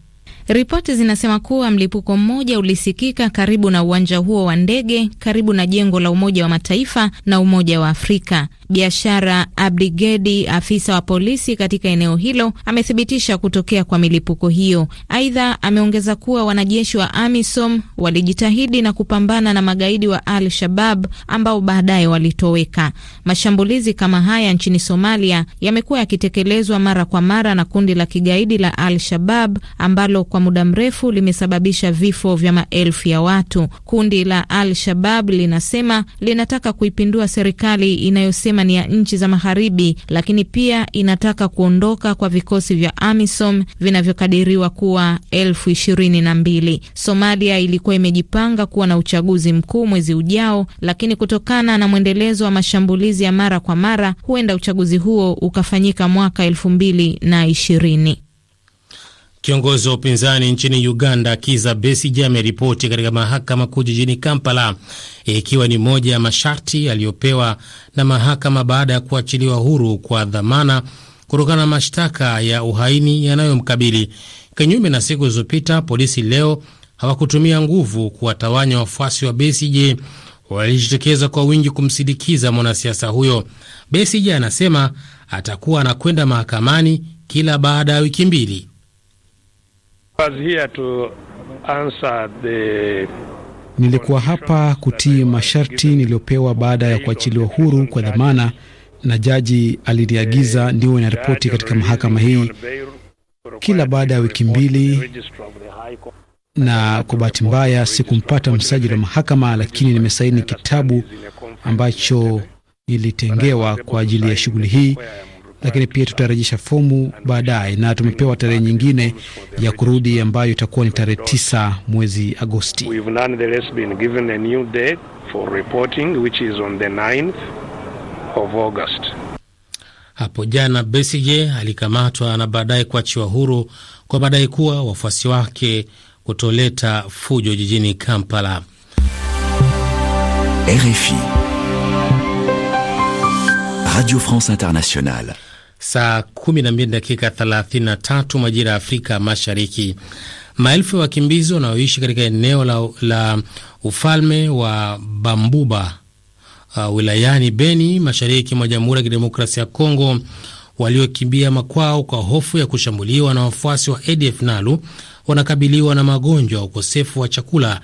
Speaker 6: Ripoti zinasema kuwa mlipuko mmoja ulisikika karibu na uwanja huo wa ndege karibu na jengo la Umoja wa Mataifa na Umoja wa Afrika. Biashara Abdigedi, afisa wa polisi katika eneo hilo, amethibitisha kutokea kwa milipuko hiyo. Aidha, ameongeza kuwa wanajeshi wa AMISOM walijitahidi na kupambana na magaidi wa Al Shabab ambao baadaye walitoweka. Mashambulizi kama haya nchini Somalia yamekuwa yakitekelezwa mara kwa mara na kundi la kigaidi la Al Shabab ambalo kwa muda mrefu limesababisha vifo vya maelfu ya watu. Kundi la Al-Shabab linasema linataka kuipindua serikali inayosema ni ya nchi za Magharibi, lakini pia inataka kuondoka kwa vikosi vya AMISOM vinavyokadiriwa kuwa elfu ishirini na mbili. Somalia ilikuwa imejipanga kuwa na uchaguzi mkuu mwezi ujao, lakini kutokana na mwendelezo wa mashambulizi ya mara kwa mara, huenda uchaguzi huo ukafanyika mwaka elfu mbili na ishirini.
Speaker 1: Kiongozi wa upinzani nchini Uganda Kiza besij ameripoti katika mahakama kuu jijini Kampala ikiwa ni moja ya masharti aliyopewa na mahakama baada ya kuachiliwa huru kwa dhamana kutokana na mashtaka ya uhaini yanayomkabili. Kinyume na siku zilizopita, polisi leo hawakutumia nguvu kuwatawanya wafuasi wa besij walijitokeza kwa wingi kumsindikiza mwanasiasa huyo. besij anasema atakuwa anakwenda
Speaker 8: mahakamani kila
Speaker 1: baada ya wiki mbili.
Speaker 8: Nilikuwa hapa kutii masharti niliyopewa baada ya kuachiliwa huru kwa dhamana, na jaji aliniagiza niwe na ripoti katika mahakama hii kila baada ya wiki mbili, na kwa bahati mbaya sikumpata msajili wa mahakama, lakini nimesaini kitabu ambacho nilitengewa kwa ajili ya shughuli hii lakini pia tutarejesha fomu baadaye, na tumepewa tarehe nyingine ya kurudi ambayo itakuwa ni tarehe tisa mwezi Agosti.
Speaker 1: Hapo jana Besigye alikamatwa na baadaye kuachiwa huru kwa madai kuwa wafuasi wake kutoleta fujo jijini Kampala.
Speaker 4: RFI Radio France Internationale saa
Speaker 1: 12 dakika 33 majira ya Afrika Mashariki. Maelfu ya wakimbizi wanaoishi katika eneo la, la ufalme wa Bambuba uh, wilayani Beni mashariki mwa Jamhuri ya Kidemokrasia ya Kongo waliokimbia makwao kwa hofu ya kushambuliwa na wafuasi wa ADF NALU wanakabiliwa na magonjwa, ukosefu wa chakula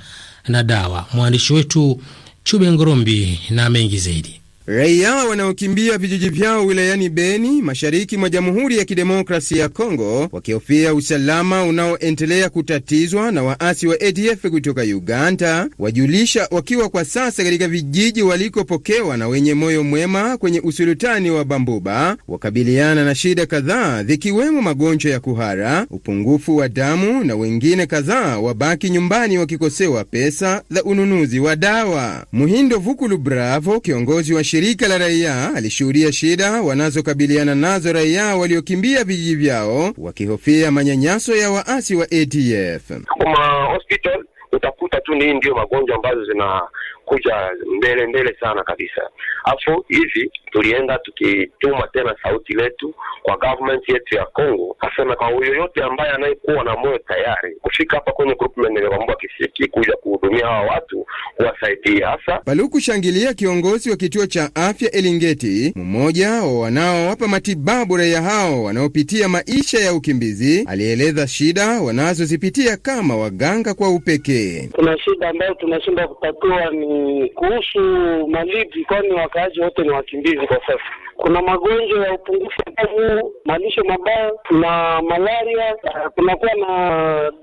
Speaker 1: na dawa. Mwandishi wetu Chube Ngorombi na mengi zaidi.
Speaker 7: Raia wanaokimbia vijiji vyao wilayani Beni, mashariki mwa Jamhuri ya Kidemokrasia ya Kongo, wakihofia usalama unaoendelea kutatizwa na waasi wa ADF kutoka Uganda, wajulisha wakiwa kwa sasa katika vijiji walikopokewa na wenye moyo mwema kwenye usulutani wa Bambuba, wakabiliana na shida kadhaa zikiwemo magonjwa ya kuhara, upungufu wa damu na wengine kadhaa wabaki nyumbani wakikosewa pesa za ununuzi wa dawa. Muhindo Vukulu Bravo, kiongozi wa shirika la raia alishuhudia shida wanazokabiliana nazo raia waliokimbia vijiji vyao wakihofia manyanyaso ya waasi wa ADF.
Speaker 10: Kuma
Speaker 2: hospital utakuta tu ni ndio magonjwa ambazo zina kuja mbele mbele sana kabisa. Afu hivi tulienda tukituma tena sauti letu kwa government yetu ya Congo, kasema kwa yoyote ambaye anayekuwa na moyo tayari kufika hapa kwenye group Mendelebambwa Kisiki kuja kuhudumia hawa watu kuwasaidia
Speaker 7: hasa. shangilia, kiongozi wa kituo cha afya Elingeti, mmoja wa wanaowapa matibabu raia hao wanaopitia maisha ya ukimbizi, alieleza shida wanazozipitia kama waganga kwa upekee.
Speaker 2: Kuna shida ambayo tunashindwa kutatua ni kuhusu malipi, kwani wakaaji wote ni wakimbizi kwa sasa kuna magonjwa ya upungufu wa damu, malisho
Speaker 8: mabaya, kuna malaria, eh,
Speaker 7: kunakuwa na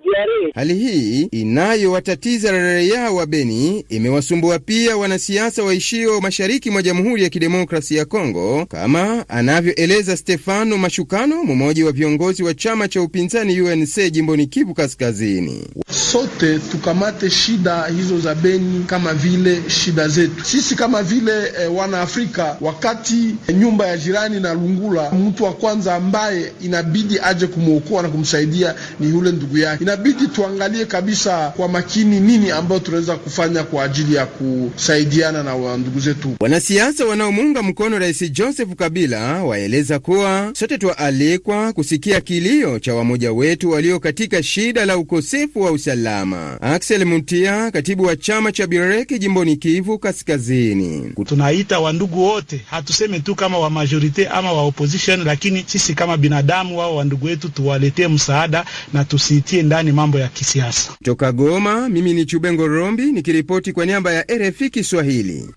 Speaker 7: diare. Hali hii inayowatatiza raia wa Beni imewasumbua pia wanasiasa waishio mashariki mwa Jamhuri ya Kidemokrasia ya Kongo, kama anavyoeleza Stefano Mashukano, mmoja wa viongozi wa chama cha upinzani UNC jimboni Kivu Kaskazini. Sote tukamate shida hizo za Beni kama vile shida zetu sisi kama vile
Speaker 4: eh, Wanaafrika wakati nyumba ya jirani na Lungula, mtu wa kwanza ambaye inabidi aje kumwokoa na kumsaidia ni yule ndugu yake. Inabidi tuangalie kabisa
Speaker 7: kwa makini nini ambayo tunaweza kufanya kwa ajili ya kusaidiana na wa ndugu zetu. Wanasiasa wanaomuunga mkono Rais Joseph Kabila waeleza kuwa sote twaalikwa kusikia kilio cha wamoja wetu walio katika shida la ukosefu wa usalama. Axel Mutia, katibu wa chama cha Bireki jimboni Kivu Kaskazini: tunaita wandugu wote, hatuseme tu kama wa majorite ama wa opposition, lakini sisi kama
Speaker 8: binadamu, wao wa ndugu wetu, tuwaletee msaada na tusiitie ndani mambo ya kisiasa.
Speaker 7: Toka Goma, mimi ni Chubengo Rombi nikiripoti kwa niaba ya RFI Kiswahili.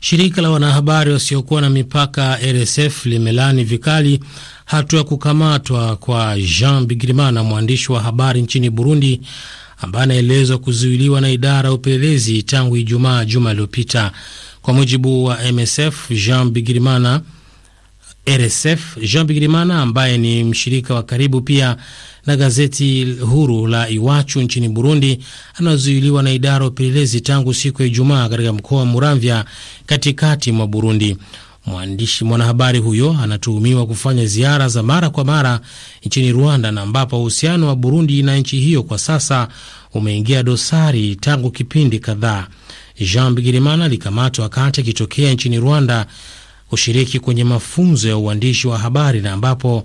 Speaker 1: Shirika la wanahabari wasiokuwa na mipaka RSF limelani vikali hatua ya kukamatwa kwa Jean Bigirimana, mwandishi wa habari nchini Burundi, ambaye anaelezwa kuzuiliwa na idara ya upelelezi tangu Ijumaa juma iliyopita. Kwa mujibu wa MSF, Jean Bigirimana RSF Jean Bigirimana ambaye ni mshirika wa karibu pia na gazeti huru la Iwachu nchini Burundi anazuiliwa na idara ya upelelezi tangu siku ya Ijumaa katika mkoa wa Muramvya katikati mwa Burundi. Mwandishi mwanahabari huyo anatuhumiwa kufanya ziara za mara kwa mara nchini Rwanda na ambapo uhusiano wa Burundi na nchi hiyo kwa sasa umeingia dosari tangu kipindi kadhaa. Jean Bigirimana alikamatwa wakati akitokea nchini Rwanda kushiriki kwenye mafunzo ya uandishi wa habari na ambapo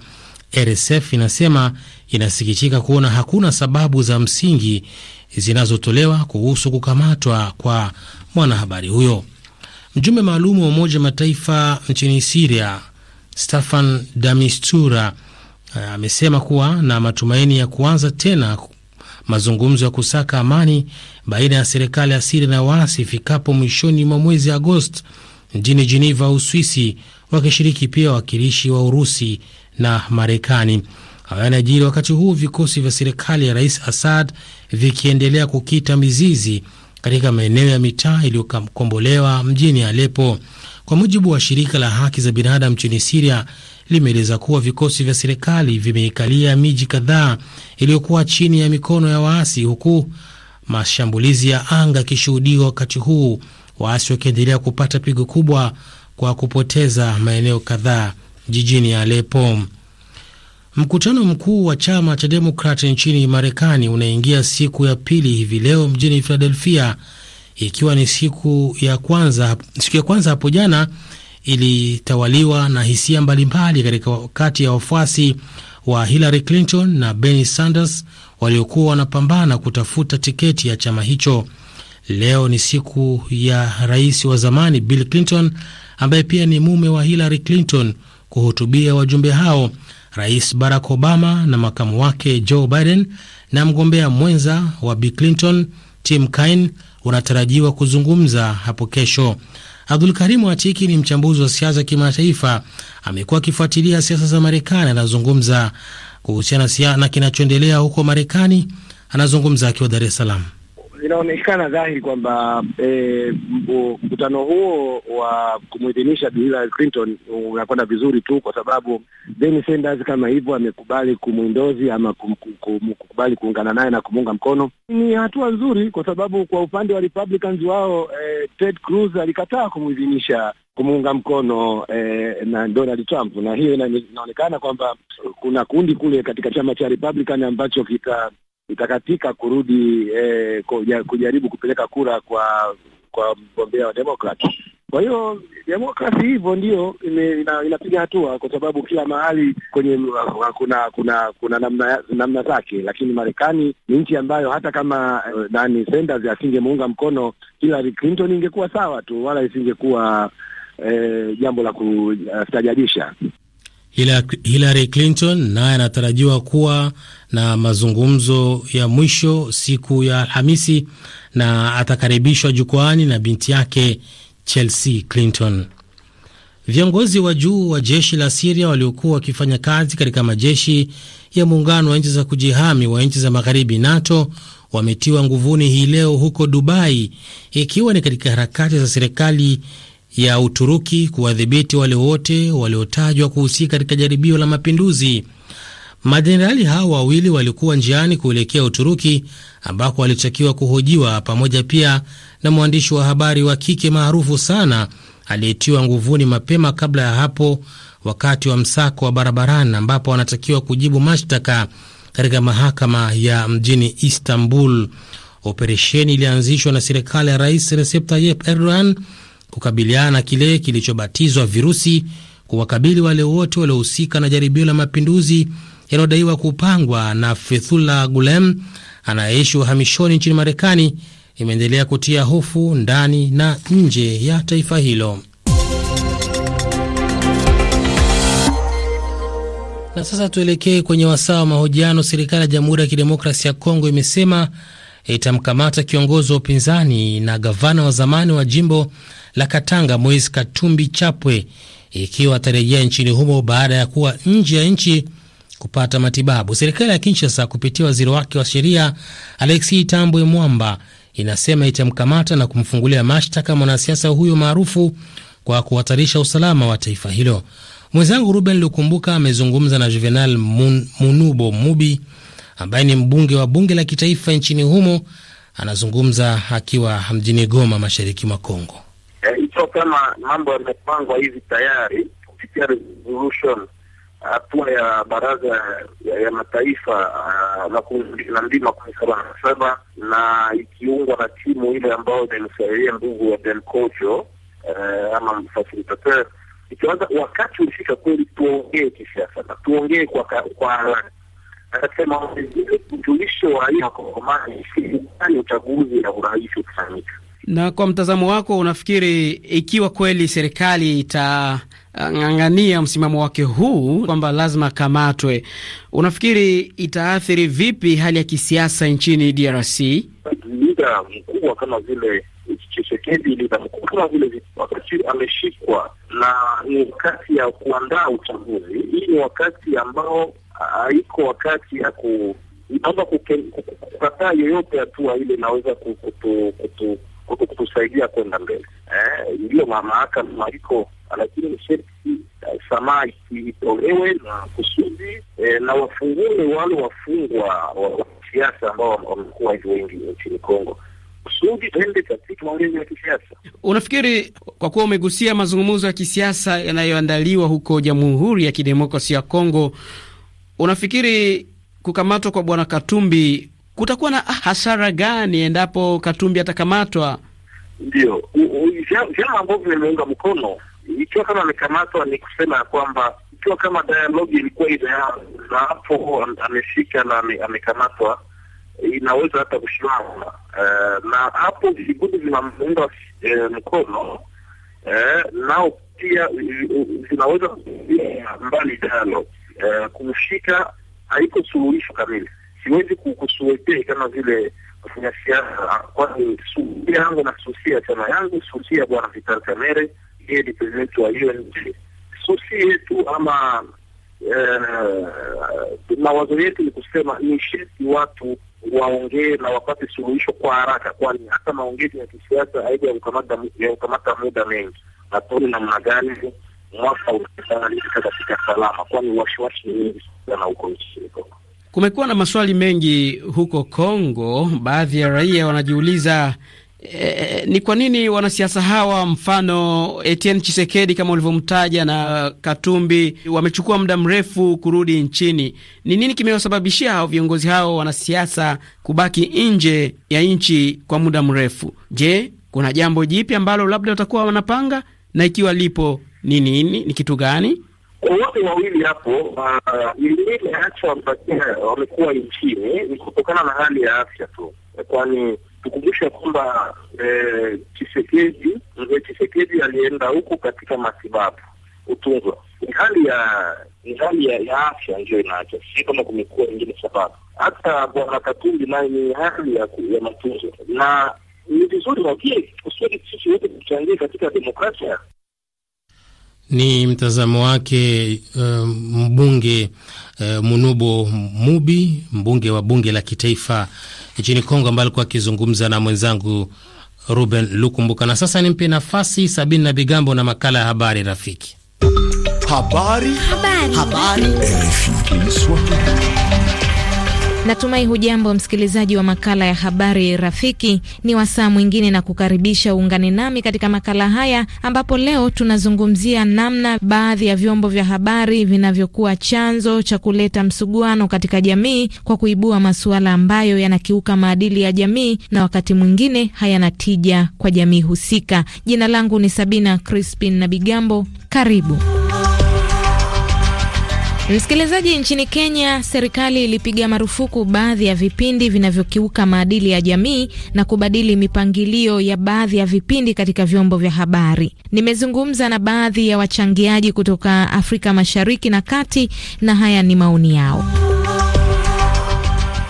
Speaker 1: RSF inasema inasikitika kuona hakuna sababu za msingi zinazotolewa kuhusu kukamatwa kwa mwanahabari huyo. Mjumbe maalum wa Umoja Mataifa nchini Siria Staffan Damistura eh, amesema kuwa na matumaini ya kuanza tena mazungumzo ya kusaka amani baina ya serikali ya Siria na waasi ifikapo mwishoni mwa mwezi Agosti mjini Geneva, Uswisi, wakishiriki pia wawakilishi wa Urusi na Marekani. Hayo yanajiri wakati huu vikosi vya serikali ya Rais Assad vikiendelea kukita mizizi katika maeneo ya mitaa iliyokombolewa mjini Alepo. Kwa mujibu wa shirika la haki za binadamu nchini Siria, limeeleza kuwa vikosi vya serikali vimeikalia miji kadhaa iliyokuwa chini ya mikono ya waasi, huku mashambulizi ya anga yakishuhudiwa wakati huu, waasi wakiendelea kupata pigo kubwa kwa kupoteza maeneo kadhaa jijini Aleppo. Mkutano mkuu wa chama cha Demokrat nchini Marekani unaingia siku ya pili hivi leo mjini Philadelphia, ikiwa ni siku ya kwanza. Siku ya kwanza hapo jana ilitawaliwa na hisia mbalimbali katika kati ya wafuasi wa Hillary Clinton na Bernie Sanders waliokuwa wanapambana kutafuta tiketi ya chama hicho. Leo ni siku ya rais wa zamani Bill Clinton ambaye pia ni mume wa Hillary Clinton kuhutubia wajumbe hao, Rais Barack Obama na makamu wake Joe Biden na mgombea mwenza wa Bill Clinton Tim Kaine wanatarajiwa kuzungumza hapo kesho. Abdul Karimu Atiki ni mchambuzi wa siasa kimataifa, amekuwa akifuatilia siasa za Marekani. Anazungumza kuhusiana na kinachoendelea huko Marekani, anazungumza akiwa Dar es
Speaker 6: Salaam
Speaker 2: inaonekana dhahiri kwamba e, mkutano huo wa kumwidhinisha Hillary Clinton unakwenda vizuri tu, kwa sababu Bernie Sanders kama hivyo amekubali kumwindozi ama kum, kum, kukubali kuungana naye na kumuunga mkono. Ni hatua nzuri, kwa sababu kwa upande wa Republicans wao e, Ted Cruz alikataa kumwidhinisha kumuunga mkono eh, na Donald Trump, na hiyo inaonekana kwamba kuna kundi kule katika chama cha Republican ambacho kita itakatika kurudi eh, kujaribu kupeleka kura kwa kwa mgombea wa demokrat Kwa hiyo demokrasi hivyo ndio inapiga ina hatua, kwa sababu kila mahali kwenye uh, kuna kuna kuna namna namna zake, lakini Marekani ni nchi ambayo hata kama nani eh, Sanders asingemuunga mkono Hillary Clinton ingekuwa sawa tu, wala isingekuwa eh, jambo la kustajabisha.
Speaker 1: Hillary Clinton naye anatarajiwa kuwa na mazungumzo ya mwisho siku ya Alhamisi na atakaribishwa jukwaani na binti yake Chelsea Clinton. Viongozi wa juu wa jeshi la Siria waliokuwa wakifanya kazi katika majeshi ya muungano wa nchi za kujihami wa nchi za magharibi NATO wametiwa nguvuni hii leo huko Dubai, ikiwa ni katika harakati za serikali ya Uturuki kuwadhibiti wale wote waliotajwa kuhusika katika jaribio la mapinduzi. Majenerali hao wawili walikuwa njiani kuelekea Uturuki ambako walitakiwa kuhojiwa pamoja pia na mwandishi wa habari wa kike maarufu sana aliyetiwa nguvuni mapema kabla ya hapo wakati wa msako wa barabarani ambapo wanatakiwa kujibu mashtaka katika mahakama ya mjini Istanbul. Operesheni ilianzishwa na serikali ya Rais Recep Tayyip Erdogan kukabiliana na kile kilichobatizwa virusi, kuwakabili wale wote waliohusika na jaribio la mapinduzi yanayodaiwa kupangwa na Fethullah Gulem anayeishi uhamishoni nchini Marekani imeendelea kutia hofu ndani na nje ya taifa hilo. Na sasa tuelekee kwenye wasaa wa mahojiano. Serikali ya Jamhuri ya Kidemokrasi ya Kongo imesema itamkamata kiongozi wa upinzani na gavana wa zamani wa jimbo la Katanga Moise Katumbi Chapwe ikiwa atarejea nchini humo baada ya kuwa nje ya nchi kupata matibabu. Serikali ya Kinshasa kupitia waziri wake wa sheria Alexi Tambwe Mwamba inasema itamkamata na kumfungulia mashtaka mwanasiasa huyo maarufu kwa kuhatarisha usalama wa taifa hilo. Mwenzangu Ruben Lukumbuka amezungumza na Juvenal Munubo Mubi ambaye ni mbunge wa bunge la kitaifa nchini humo. Anazungumza akiwa mjini Goma, mashariki mwa Kongo.
Speaker 2: Eh, hicho e, kama mambo yamepangwa hivi tayari kupitia resolution hatua ya Baraza ya, ya Mataifa na uh, mlima kumi saba na saba na ikiungwa na timu ile ambayo imemsaidia ndugu wa Ben Kojo eh, uh, ama facilitator ikianza, wakati ulifika kweli tuongee kisiasa na tuongee kwa kwa haraka. Akasema ujulisho wa raia Wakongomani sikani uchaguzi na urais ukifanyika.
Speaker 3: Na kwa mtazamo wako, unafikiri ikiwa kweli serikali ita ng'ang'ania msimamo wake huu kwamba lazima akamatwe. Unafikiri itaathiri vipi hali ya kisiasa nchini DRC?
Speaker 2: Lida mkubwa kama vile Chisekedi, lida mkubwa kama vile wakati ameshikwa, na ni wakati ya kuandaa uchaguzi. Hii ni wakati ambao haiko wakati ya ku naomba kukataa yoyote hatua ile inaweza kutusaidia kwenda mbele. Eh, Ndiyo mahakama iko lakini sherti eh, samaki itolewe na kusudi eh, na wafungule wale wafungwa wa ambao wamekuwa hivi wengi nchini Kongo kusudi tuende katika maongezi
Speaker 3: ya kisiasa. Unafikiri kwa kuwa umegusia mazungumzo ya kisiasa yanayoandaliwa huko Jamhuri ya Kidemokrasia ya Kongo, unafikiri kukamatwa kwa bwana Katumbi kutakuwa na hasara gani endapo Katumbi atakamatwa?
Speaker 2: Ndio vyama ambavyo vimeunga mkono ikiwa kama amekamatwa, ni kusema ya kwamba ikiwa kama dialogi ilikuwa ile na hapo amefika na amekamatwa, inaweza hata kusimama uh, na hapo vikundi vinamuunga eh, mkono eh, nao pia zinaweza kuia mbali dialogue eh, kumshika haiko suluhisho kamili. Siwezi kukusuetei kama vile kufanya siasa, kwani susia yangu nasusia chama yangu, susia Bwana Vital Kamerhe yeye ni president wa nchi. Susi yetu ama uh, mawazo yetu ni kusema ni sheti watu waongee na wapate suluhisho kwa haraka, kwani hata maongezi ya kisiasa aidi ya kukamata muda mengi. Hatuoni namna gani mwaka utakamilika katika salama, kwani wasiwasi mingi
Speaker 5: sana huko nchini Kongo.
Speaker 3: Kumekuwa na maswali mengi huko Kongo, baadhi ya raia wanajiuliza E, ni kwa nini wanasiasa hawa mfano Etienne Chisekedi kama ulivyomtaja na Katumbi wamechukua muda mrefu kurudi nchini? Ni nini kimewasababishia hao viongozi hao wanasiasa kubaki nje ya nchi kwa muda mrefu? Je, kuna jambo jipi ambalo labda watakuwa wanapanga, na ikiwa lipo ni nini? Ni kitu gani?
Speaker 2: Wote wawili hapo lilileacha uh, wamekuwa nchini ni kutokana na hali ya afya tu, kwani tukumbushe kwamba eh, mzee Chisekedi alienda huku katika matibabu utunzwa, ni hali ya ni hali ya, ya afya ndio inaacha, si kama kumekuwa ingine sababu. Hata bwana Katumbi naye ni hali ya, ya matunzo, na ni vizuri wajie kusudi sisi wote kuchangia katika demokrasia.
Speaker 1: Ni mtazamo wake uh, mbunge uh, Munubo Mubi, mbunge wa bunge la kitaifa nchini Kongo, ambaye alikuwa akizungumza na mwenzangu Ruben Lukumbuka. Na sasa nimpe nafasi Sabini na Bigambo na makala ya habari rafiki. Habari. Habari. Habari. Habari.
Speaker 6: Natumai hujambo msikilizaji wa makala ya habari rafiki. Ni wasaa mwingine na kukaribisha uungane nami katika makala haya, ambapo leo tunazungumzia namna baadhi ya vyombo vya habari vinavyokuwa chanzo cha kuleta msuguano katika jamii kwa kuibua masuala ambayo yanakiuka maadili ya jamii na wakati mwingine hayana tija kwa jamii husika. Jina langu ni Sabina Crispin na Bigambo. Karibu. Msikilizaji, nchini Kenya serikali ilipiga marufuku baadhi ya vipindi vinavyokiuka maadili ya jamii na kubadili mipangilio ya baadhi ya vipindi katika vyombo vya habari. Nimezungumza na baadhi ya wachangiaji kutoka Afrika Mashariki na Kati na haya ni maoni yao.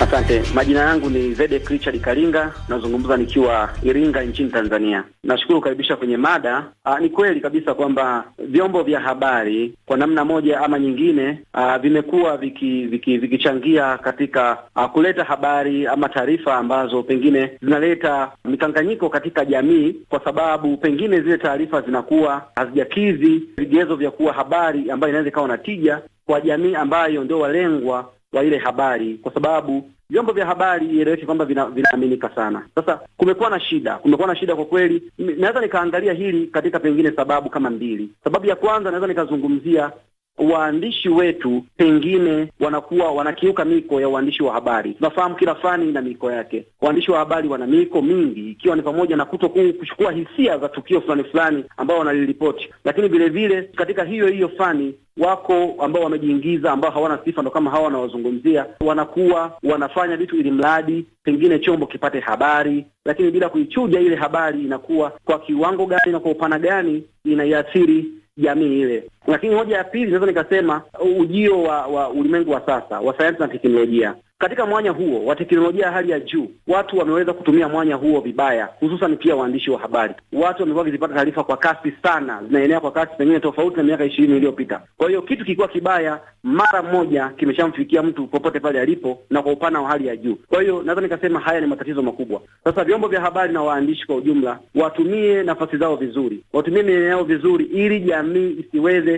Speaker 2: Asante, majina yangu ni Zedek Richard Karinga, nazungumza nikiwa Iringa nchini Tanzania. Nashukuru kukaribisha kwenye mada. Aa, ah, ni kweli kabisa kwamba vyombo vya habari kwa namna moja ama nyingine ah, vimekuwa vikichangia viki, viki katika aa, ah, kuleta habari ama taarifa ambazo pengine zinaleta mikanganyiko katika jamii, kwa sababu pengine zile taarifa zinakuwa hazijakidhi vigezo vya kuwa habari ambayo inaweza ikawa na tija kwa jamii ambayo ndio walengwa wa ile habari, kwa sababu vyombo vya habari ieleweke kwamba vinaaminika vina sana. Sasa kumekuwa na shida, kumekuwa na shida kwa kweli. Naweza nikaangalia hili katika pengine sababu kama mbili. Sababu ya kwanza naweza nikazungumzia waandishi wetu pengine wanakuwa wanakiuka miko ya uandishi wa habari. Tunafahamu kila fani ina miko yake. Waandishi wa habari wana miko mingi, ikiwa ni pamoja na kuto kuchukua hisia za tukio fulani fulani ambao wanaliripoti, lakini vilevile vile katika hiyo hiyo fani wako ambao wamejiingiza, ambao hawana sifa, ndo kama hawa wanawazungumzia, wanakuwa wanafanya vitu ili mradi pengine chombo kipate habari, lakini bila kuichuja ile habari inakuwa kwa kiwango gani na kwa upana gani inaiathiri jamii ile. Lakini hoja ya pili naweza nikasema ujio wa, wa ulimwengu wa sasa wa sayansi na teknolojia katika mwanya huo wa teknolojia ya hali ya juu, watu wameweza kutumia mwanya huo vibaya, hususan pia waandishi wa habari. Watu wamekuwa wakizipata taarifa kwa kasi sana, zinaenea kwa kasi pengine tofauti na miaka ishirini iliyopita. Kwa hiyo kitu kikiwa kibaya, mara moja kimeshamfikia mtu popote pale alipo, na kwa upana wa hali ya juu. Kwa hiyo naweza nikasema haya ni matatizo makubwa. Sasa vyombo vya habari na waandishi kwa ujumla watumie nafasi zao vizuri, watumie mieneo yao vizuri, ili jamii isiweze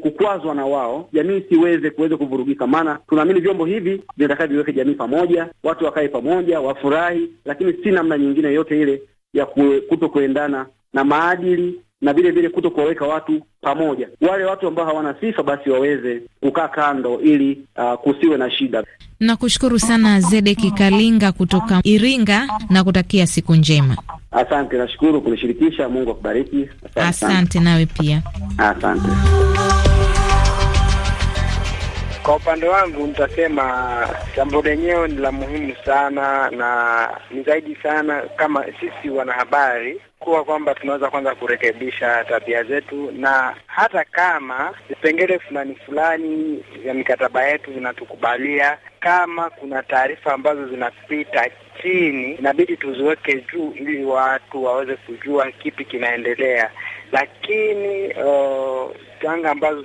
Speaker 2: kukwazwa na wao, jamii isiweze kuweza kuvurugika, maana tunaamini vyombo hivi vinataka iweke jamii pamoja, watu wakae pamoja, wafurahi, lakini si namna nyingine yote ile ya kuto kuendana na maadili na vile vile kuto kuwaweka watu pamoja. Wale watu ambao hawana sifa basi waweze kukaa kando, ili uh, kusiwe na shida.
Speaker 6: Nakushukuru sana Zedeki Kalinga kutoka Iringa na kutakia siku njema.
Speaker 2: Asante, nashukuru kunishirikisha. Mungu akubariki. Asante, asante
Speaker 6: nawe pia, asante.
Speaker 2: Kwa upande wangu nitasema jambo lenyewe ni la muhimu sana, na ni zaidi sana kama sisi wanahabari kuwa kwamba tunaweza kwanza kurekebisha tabia zetu, na hata kama vipengele fulani fulani vya mikataba yetu vinatukubalia, kama kuna taarifa ambazo zinapita chini, inabidi tuziweke juu ili watu waweze kujua kipi kinaendelea, lakini uh, changa ambazo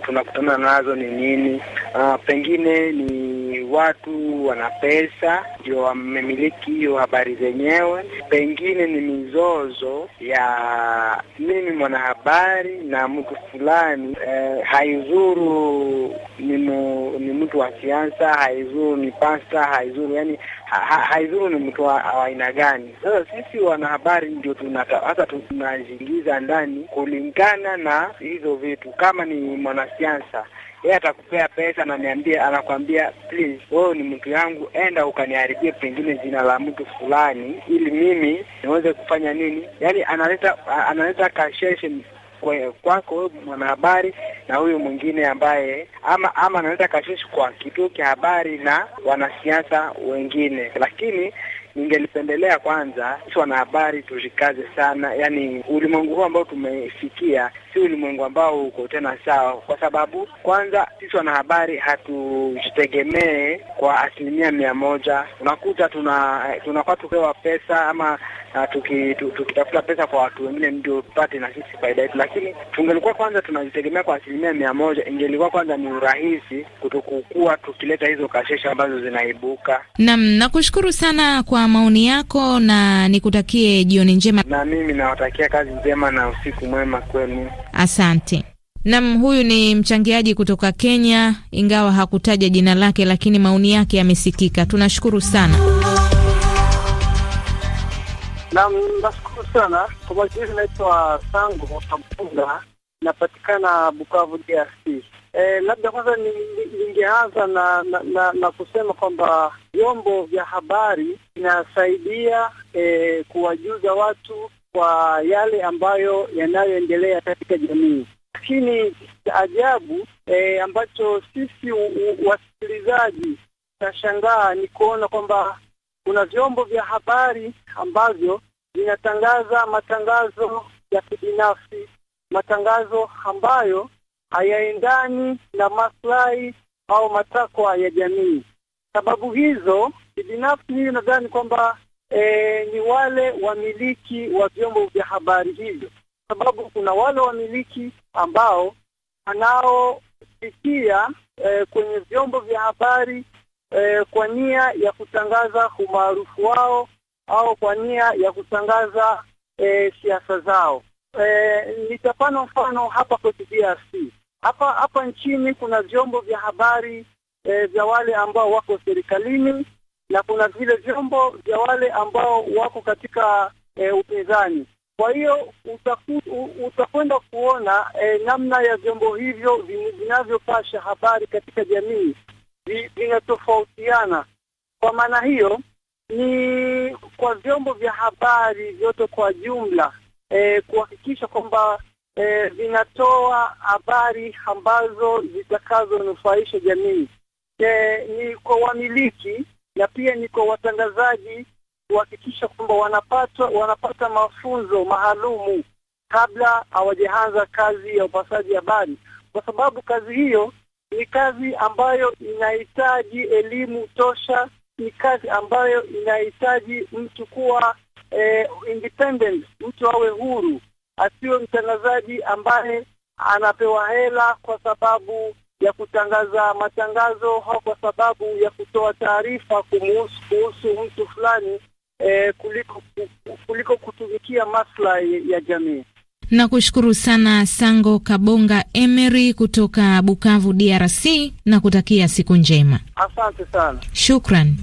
Speaker 2: tunakutana nazo ni nini? Uh, pengine ni watu wana pesa ndio wamemiliki hiyo habari zenyewe, pengine ni mizozo ya mimi mwanahabari na mtu fulani eh, haizuru ni, mu, ni mtu wa siasa, haizuru ni pasta, haizuru yani ha, ha, haizuru ni mtu wa aina gani. Sasa sisi wanahabari ndio hasa tunajiingiza ndani kulingana na hizo vitu. Kama ni mwanasiasa, yeye atakupea pesa na niambia, anakwambia please, wewe ni mtu yangu, enda ukaniharibie pengine jina la mtu fulani, ili mimi niweze kufanya nini. Yani analeta analeta kasheshe kwako wewe mwanahabari na huyu mwingine ambaye ama ama analeta kasheshe kwa kituo cha habari na wanasiasa wengine, lakini ningelipendelea kwanza sisi wanahabari tujikaze sana, yani ulimwengu huu ambao tumefikia si ulimwengu ambao uko tena sawa, kwa sababu kwanza sisi wanahabari hatujitegemee kwa asilimia mia moja. Unakuta tuna eh, tunakuwa tupewa pesa ama ah, tukitafuta tuki, pesa kwa watu wengine ndio tupate na sisi faida yetu, lakini tungelikuwa kwanza tunajitegemea kwa asilimia mia moja, ingelikuwa kwanza ni urahisi kutokukuwa tukileta hizo kashesha ambazo zinaibuka.
Speaker 6: Naam, nakushukuru sana kwa maoni yako na nikutakie jioni njema.
Speaker 2: Na mimi nawatakia kazi njema na usiku mwema kwenu.
Speaker 6: Asante. Nam, huyu ni mchangiaji kutoka Kenya, ingawa hakutaja jina lake, lakini maoni yake yamesikika. Tunashukuru sana.
Speaker 2: Nam, nashukuru sana kwa majina. Inaitwa Sango Kampunga, inapatikana Bukavu, DRC. E, labda kwanza ningeanza na, na, na, na kusema kwamba vyombo vya habari vinasaidia e, kuwajuza watu kwa yale ambayo yanayoendelea katika jamii. Lakini ajabu e, ambacho sisi wasikilizaji tunashangaa ni kuona kwamba kuna vyombo vya habari ambavyo vinatangaza matangazo ya kibinafsi, matangazo ambayo hayaendani na maslahi au matakwa ya jamii. Sababu hizo kibinafsi, hiyo nadhani kwamba e, ni wale wamiliki wa vyombo vya habari hivyo, sababu kuna wale wamiliki ambao wanaofikia e, kwenye vyombo vya habari e, kwa nia ya kutangaza umaarufu wao au kwa nia ya kutangaza e, siasa zao. E, nitapana mfano hapa kwetu DRC. Hapa hapa nchini kuna vyombo vya habari e, vya wale ambao wako serikalini na kuna vile vyombo vya wale ambao wako katika e, upinzani. Kwa hiyo utakwenda kuona e, namna ya vyombo hivyo vinavyopasha habari katika jamii vinatofautiana. Kwa maana hiyo ni kwa vyombo vya habari vyote kwa jumla e, kuhakikisha kwamba e, vinatoa habari ambazo zitakazonufaisha jamii e, ni kwa wamiliki na pia ni kwa watangazaji kuhakikisha kwamba wanapata wanapata mafunzo maalumu kabla hawajaanza kazi ya upasaji habari, kwa sababu kazi hiyo ni kazi ambayo inahitaji elimu tosha, ni kazi ambayo inahitaji mtu kuwa eh, independent, mtu awe huru, asiwe mtangazaji ambaye anapewa hela kwa sababu ya kutangaza matangazo au kwa sababu ya kutoa taarifa kumuhusu kuhusu mtu fulani eh, kuliko kuliko kutumikia maslahi ya jamii.
Speaker 6: Nakushukuru sana Sango Kabonga Emery kutoka Bukavu, DRC, na kutakia siku njema. Asante sana, shukran.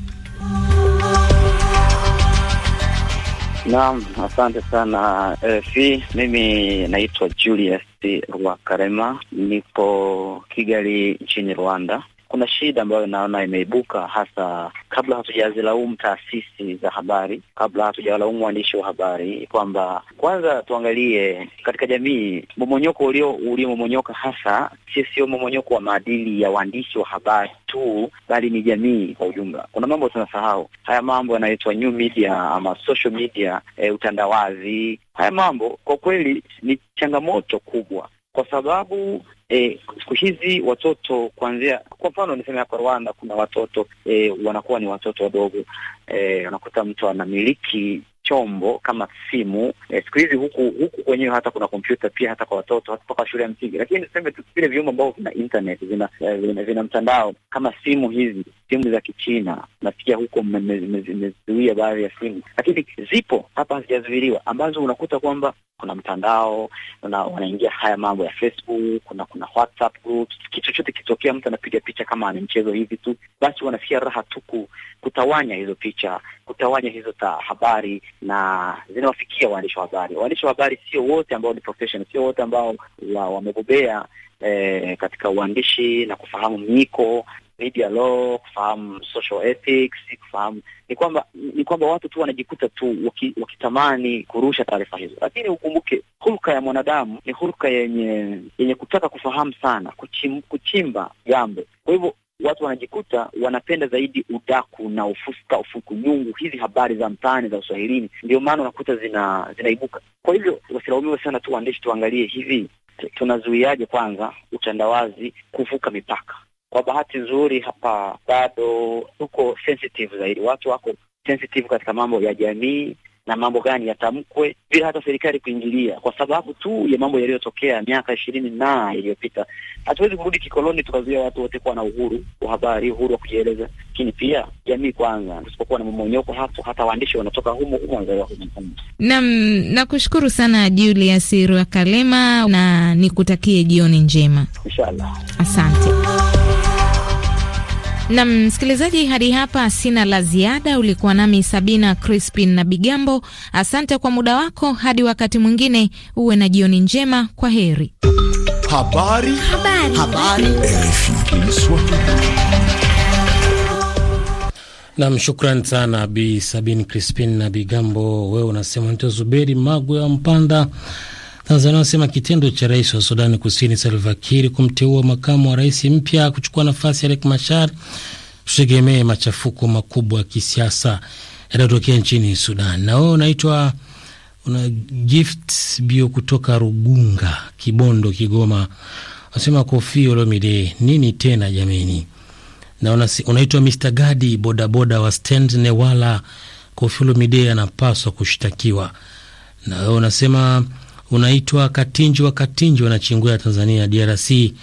Speaker 2: Naam, asante sana RFI. Eh, Mimi naitwa Julius Rwakarema, nipo Kigali nchini Rwanda kuna shida ambayo naona imeibuka hasa kabla hatujazilaumu taasisi za habari, kabla hatujawalaumu waandishi wa habari, kwamba kwanza tuangalie katika jamii momonyoko ulio uliomomonyoka hasa sio sio momonyoko wa maadili ya waandishi wa habari tu, bali ni jamii kwa ujumla. Kuna mambo tunasahau, haya mambo yanaitwa new media ama social media, e, utandawazi. Haya mambo kwa kweli ni changamoto kubwa kwa sababu E, siku hizi watoto kuanzia, kwa mfano niseme hapa Rwanda kuna watoto e, wanakuwa ni watoto wadogo e, unakuta mtu anamiliki chombo kama simu e, siku hizi huku huku kwenyewe hata kuna kompyuta pia hata kwa watoto hata mpaka shule ya msingi, lakini tuseme tu vile vyombo ambavyo vina internet vina, e, vina, vina mtandao kama simu hizi simu za Kichina, nasikia huko mmezuia baadhi ya simu, lakini zipo hapa hazijazuiliwa, ambazo unakuta kwamba kuna mtandao wanaingia haya mambo ya Facebook, kuna kuna WhatsApp groups, kitu chochote kitokea, mtu anapiga picha kama ana mchezo hivi tu, basi wanasikia raha tu kutawanya hizo picha, kutawanya hizo ta habari, na zinawafikia waandishi wa habari. Waandishi wa habari sio wote ambao ni professional, sio wote ambao wamebobea wa eh, katika uandishi na kufahamu miko media law, kufahamu social ethics, kufahamu ni kwamba ni kwamba watu tu wanajikuta tu wakitamani waki kurusha taarifa hizo, lakini ukumbuke hulka ya mwanadamu ni hulka yenye yenye kutaka kufahamu sana, kuchim, kuchimba jambo. Kwa hivyo watu wanajikuta wanapenda zaidi udaku na ufuska, ufuku nyungu, hizi habari za mtaani za uswahilini, ndio maana unakuta zina zinaibuka. Kwa hivyo wasilaumiwe sana tu waandishi, tuangalie hivi tunazuiaje kwanza utandawazi kuvuka mipaka. Kwa bahati nzuri, hapa bado tuko sensitive zaidi, watu wako sensitive katika mambo ya jamii na mambo gani yatamkwe, bila hata serikali kuingilia, kwa sababu tu ya mambo yaliyotokea miaka ishirini na iliyopita. Hatuwezi kurudi kikoloni tukazuia watu wote kuwa na uhuru wa habari, uhuru wa kujieleza, lakini pia jamii kwanza. Tusipokuwa na mmonyoko hapo, hata waandishi wanatoka humo humo, humo humo.
Speaker 6: Naam, nakushukuru sana Julius Rwakalema na nikutakie jioni njema, inshallah. Asante. Na msikilizaji, hadi hapa sina la ziada. Ulikuwa nami Sabina Crispin na Bigambo. Asante kwa muda wako. Hadi wakati mwingine, uwe na jioni njema. Kwa heri. Habari. Habari. Habari.
Speaker 1: Nam, shukran sana Bi Sabin Crispin na Bigambo. Wewe unasema nto Zuberi Magwe wa Mpanda. Tanzania wanasema kitendo cha rais wa Sudani Kusini Salva Kiir kumteua makamu wa rais mpya kuchukua nafasi ya Riek Machar, tutegemee machafuko makubwa ya kisiasa yanayotokea nchini Sudan. Na wewe unaitwa una gift bio kutoka Rugunga, Kibondo, Kigoma, nasema Kofi Olomide, nini tena jameni? Na unaitwa Mr Gadi, bodaboda wa stand Newala. Kofi Olomide anapaswa kushtakiwa. Na wewe unasema unaitwa katinji wa katinji Chingwea Tanzania DRC.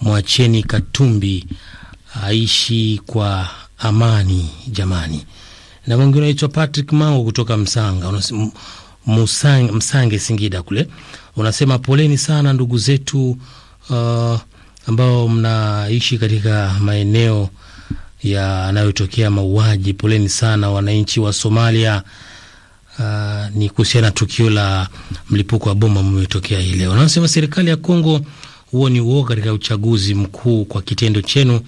Speaker 1: Mwacheni Katumbi aishi kwa amani jamani. Na mwingine unaitwa Patrick Mango kutoka Msanga unasema, Msange Singida kule unasema poleni sana ndugu zetu uh, ambao mnaishi katika maeneo yanayotokea mauaji. Poleni sana wananchi wa Somalia. Uh, ni kuhusiana na tukio la mlipuko wa bomu ambao umetokea hii leo. nasema serikali ya Kongo, huo ni uoga katika uchaguzi mkuu kwa kitendo chenu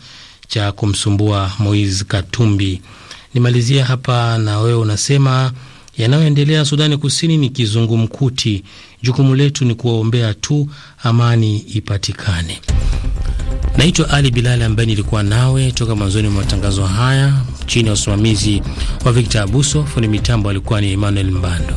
Speaker 1: cha kumsumbua Moise Katumbi. Nimalizia hapa na wewe, unasema yanayoendelea Sudani Kusini ni kizungumkuti, jukumu letu ni kuwaombea tu amani ipatikane. Naitwa Ali Bilali ambaye nilikuwa nawe toka mwanzoni mwa matangazo haya chini ya usimamizi wa Victor Abuso. Fundi mitambo alikuwa ni Emmanuel Mbando.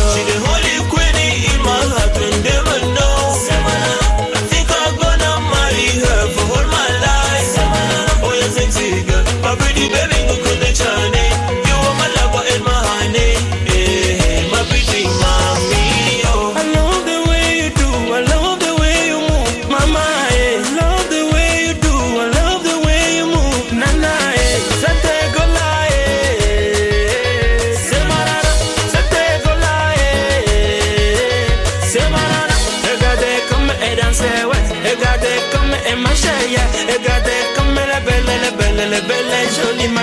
Speaker 2: 这里。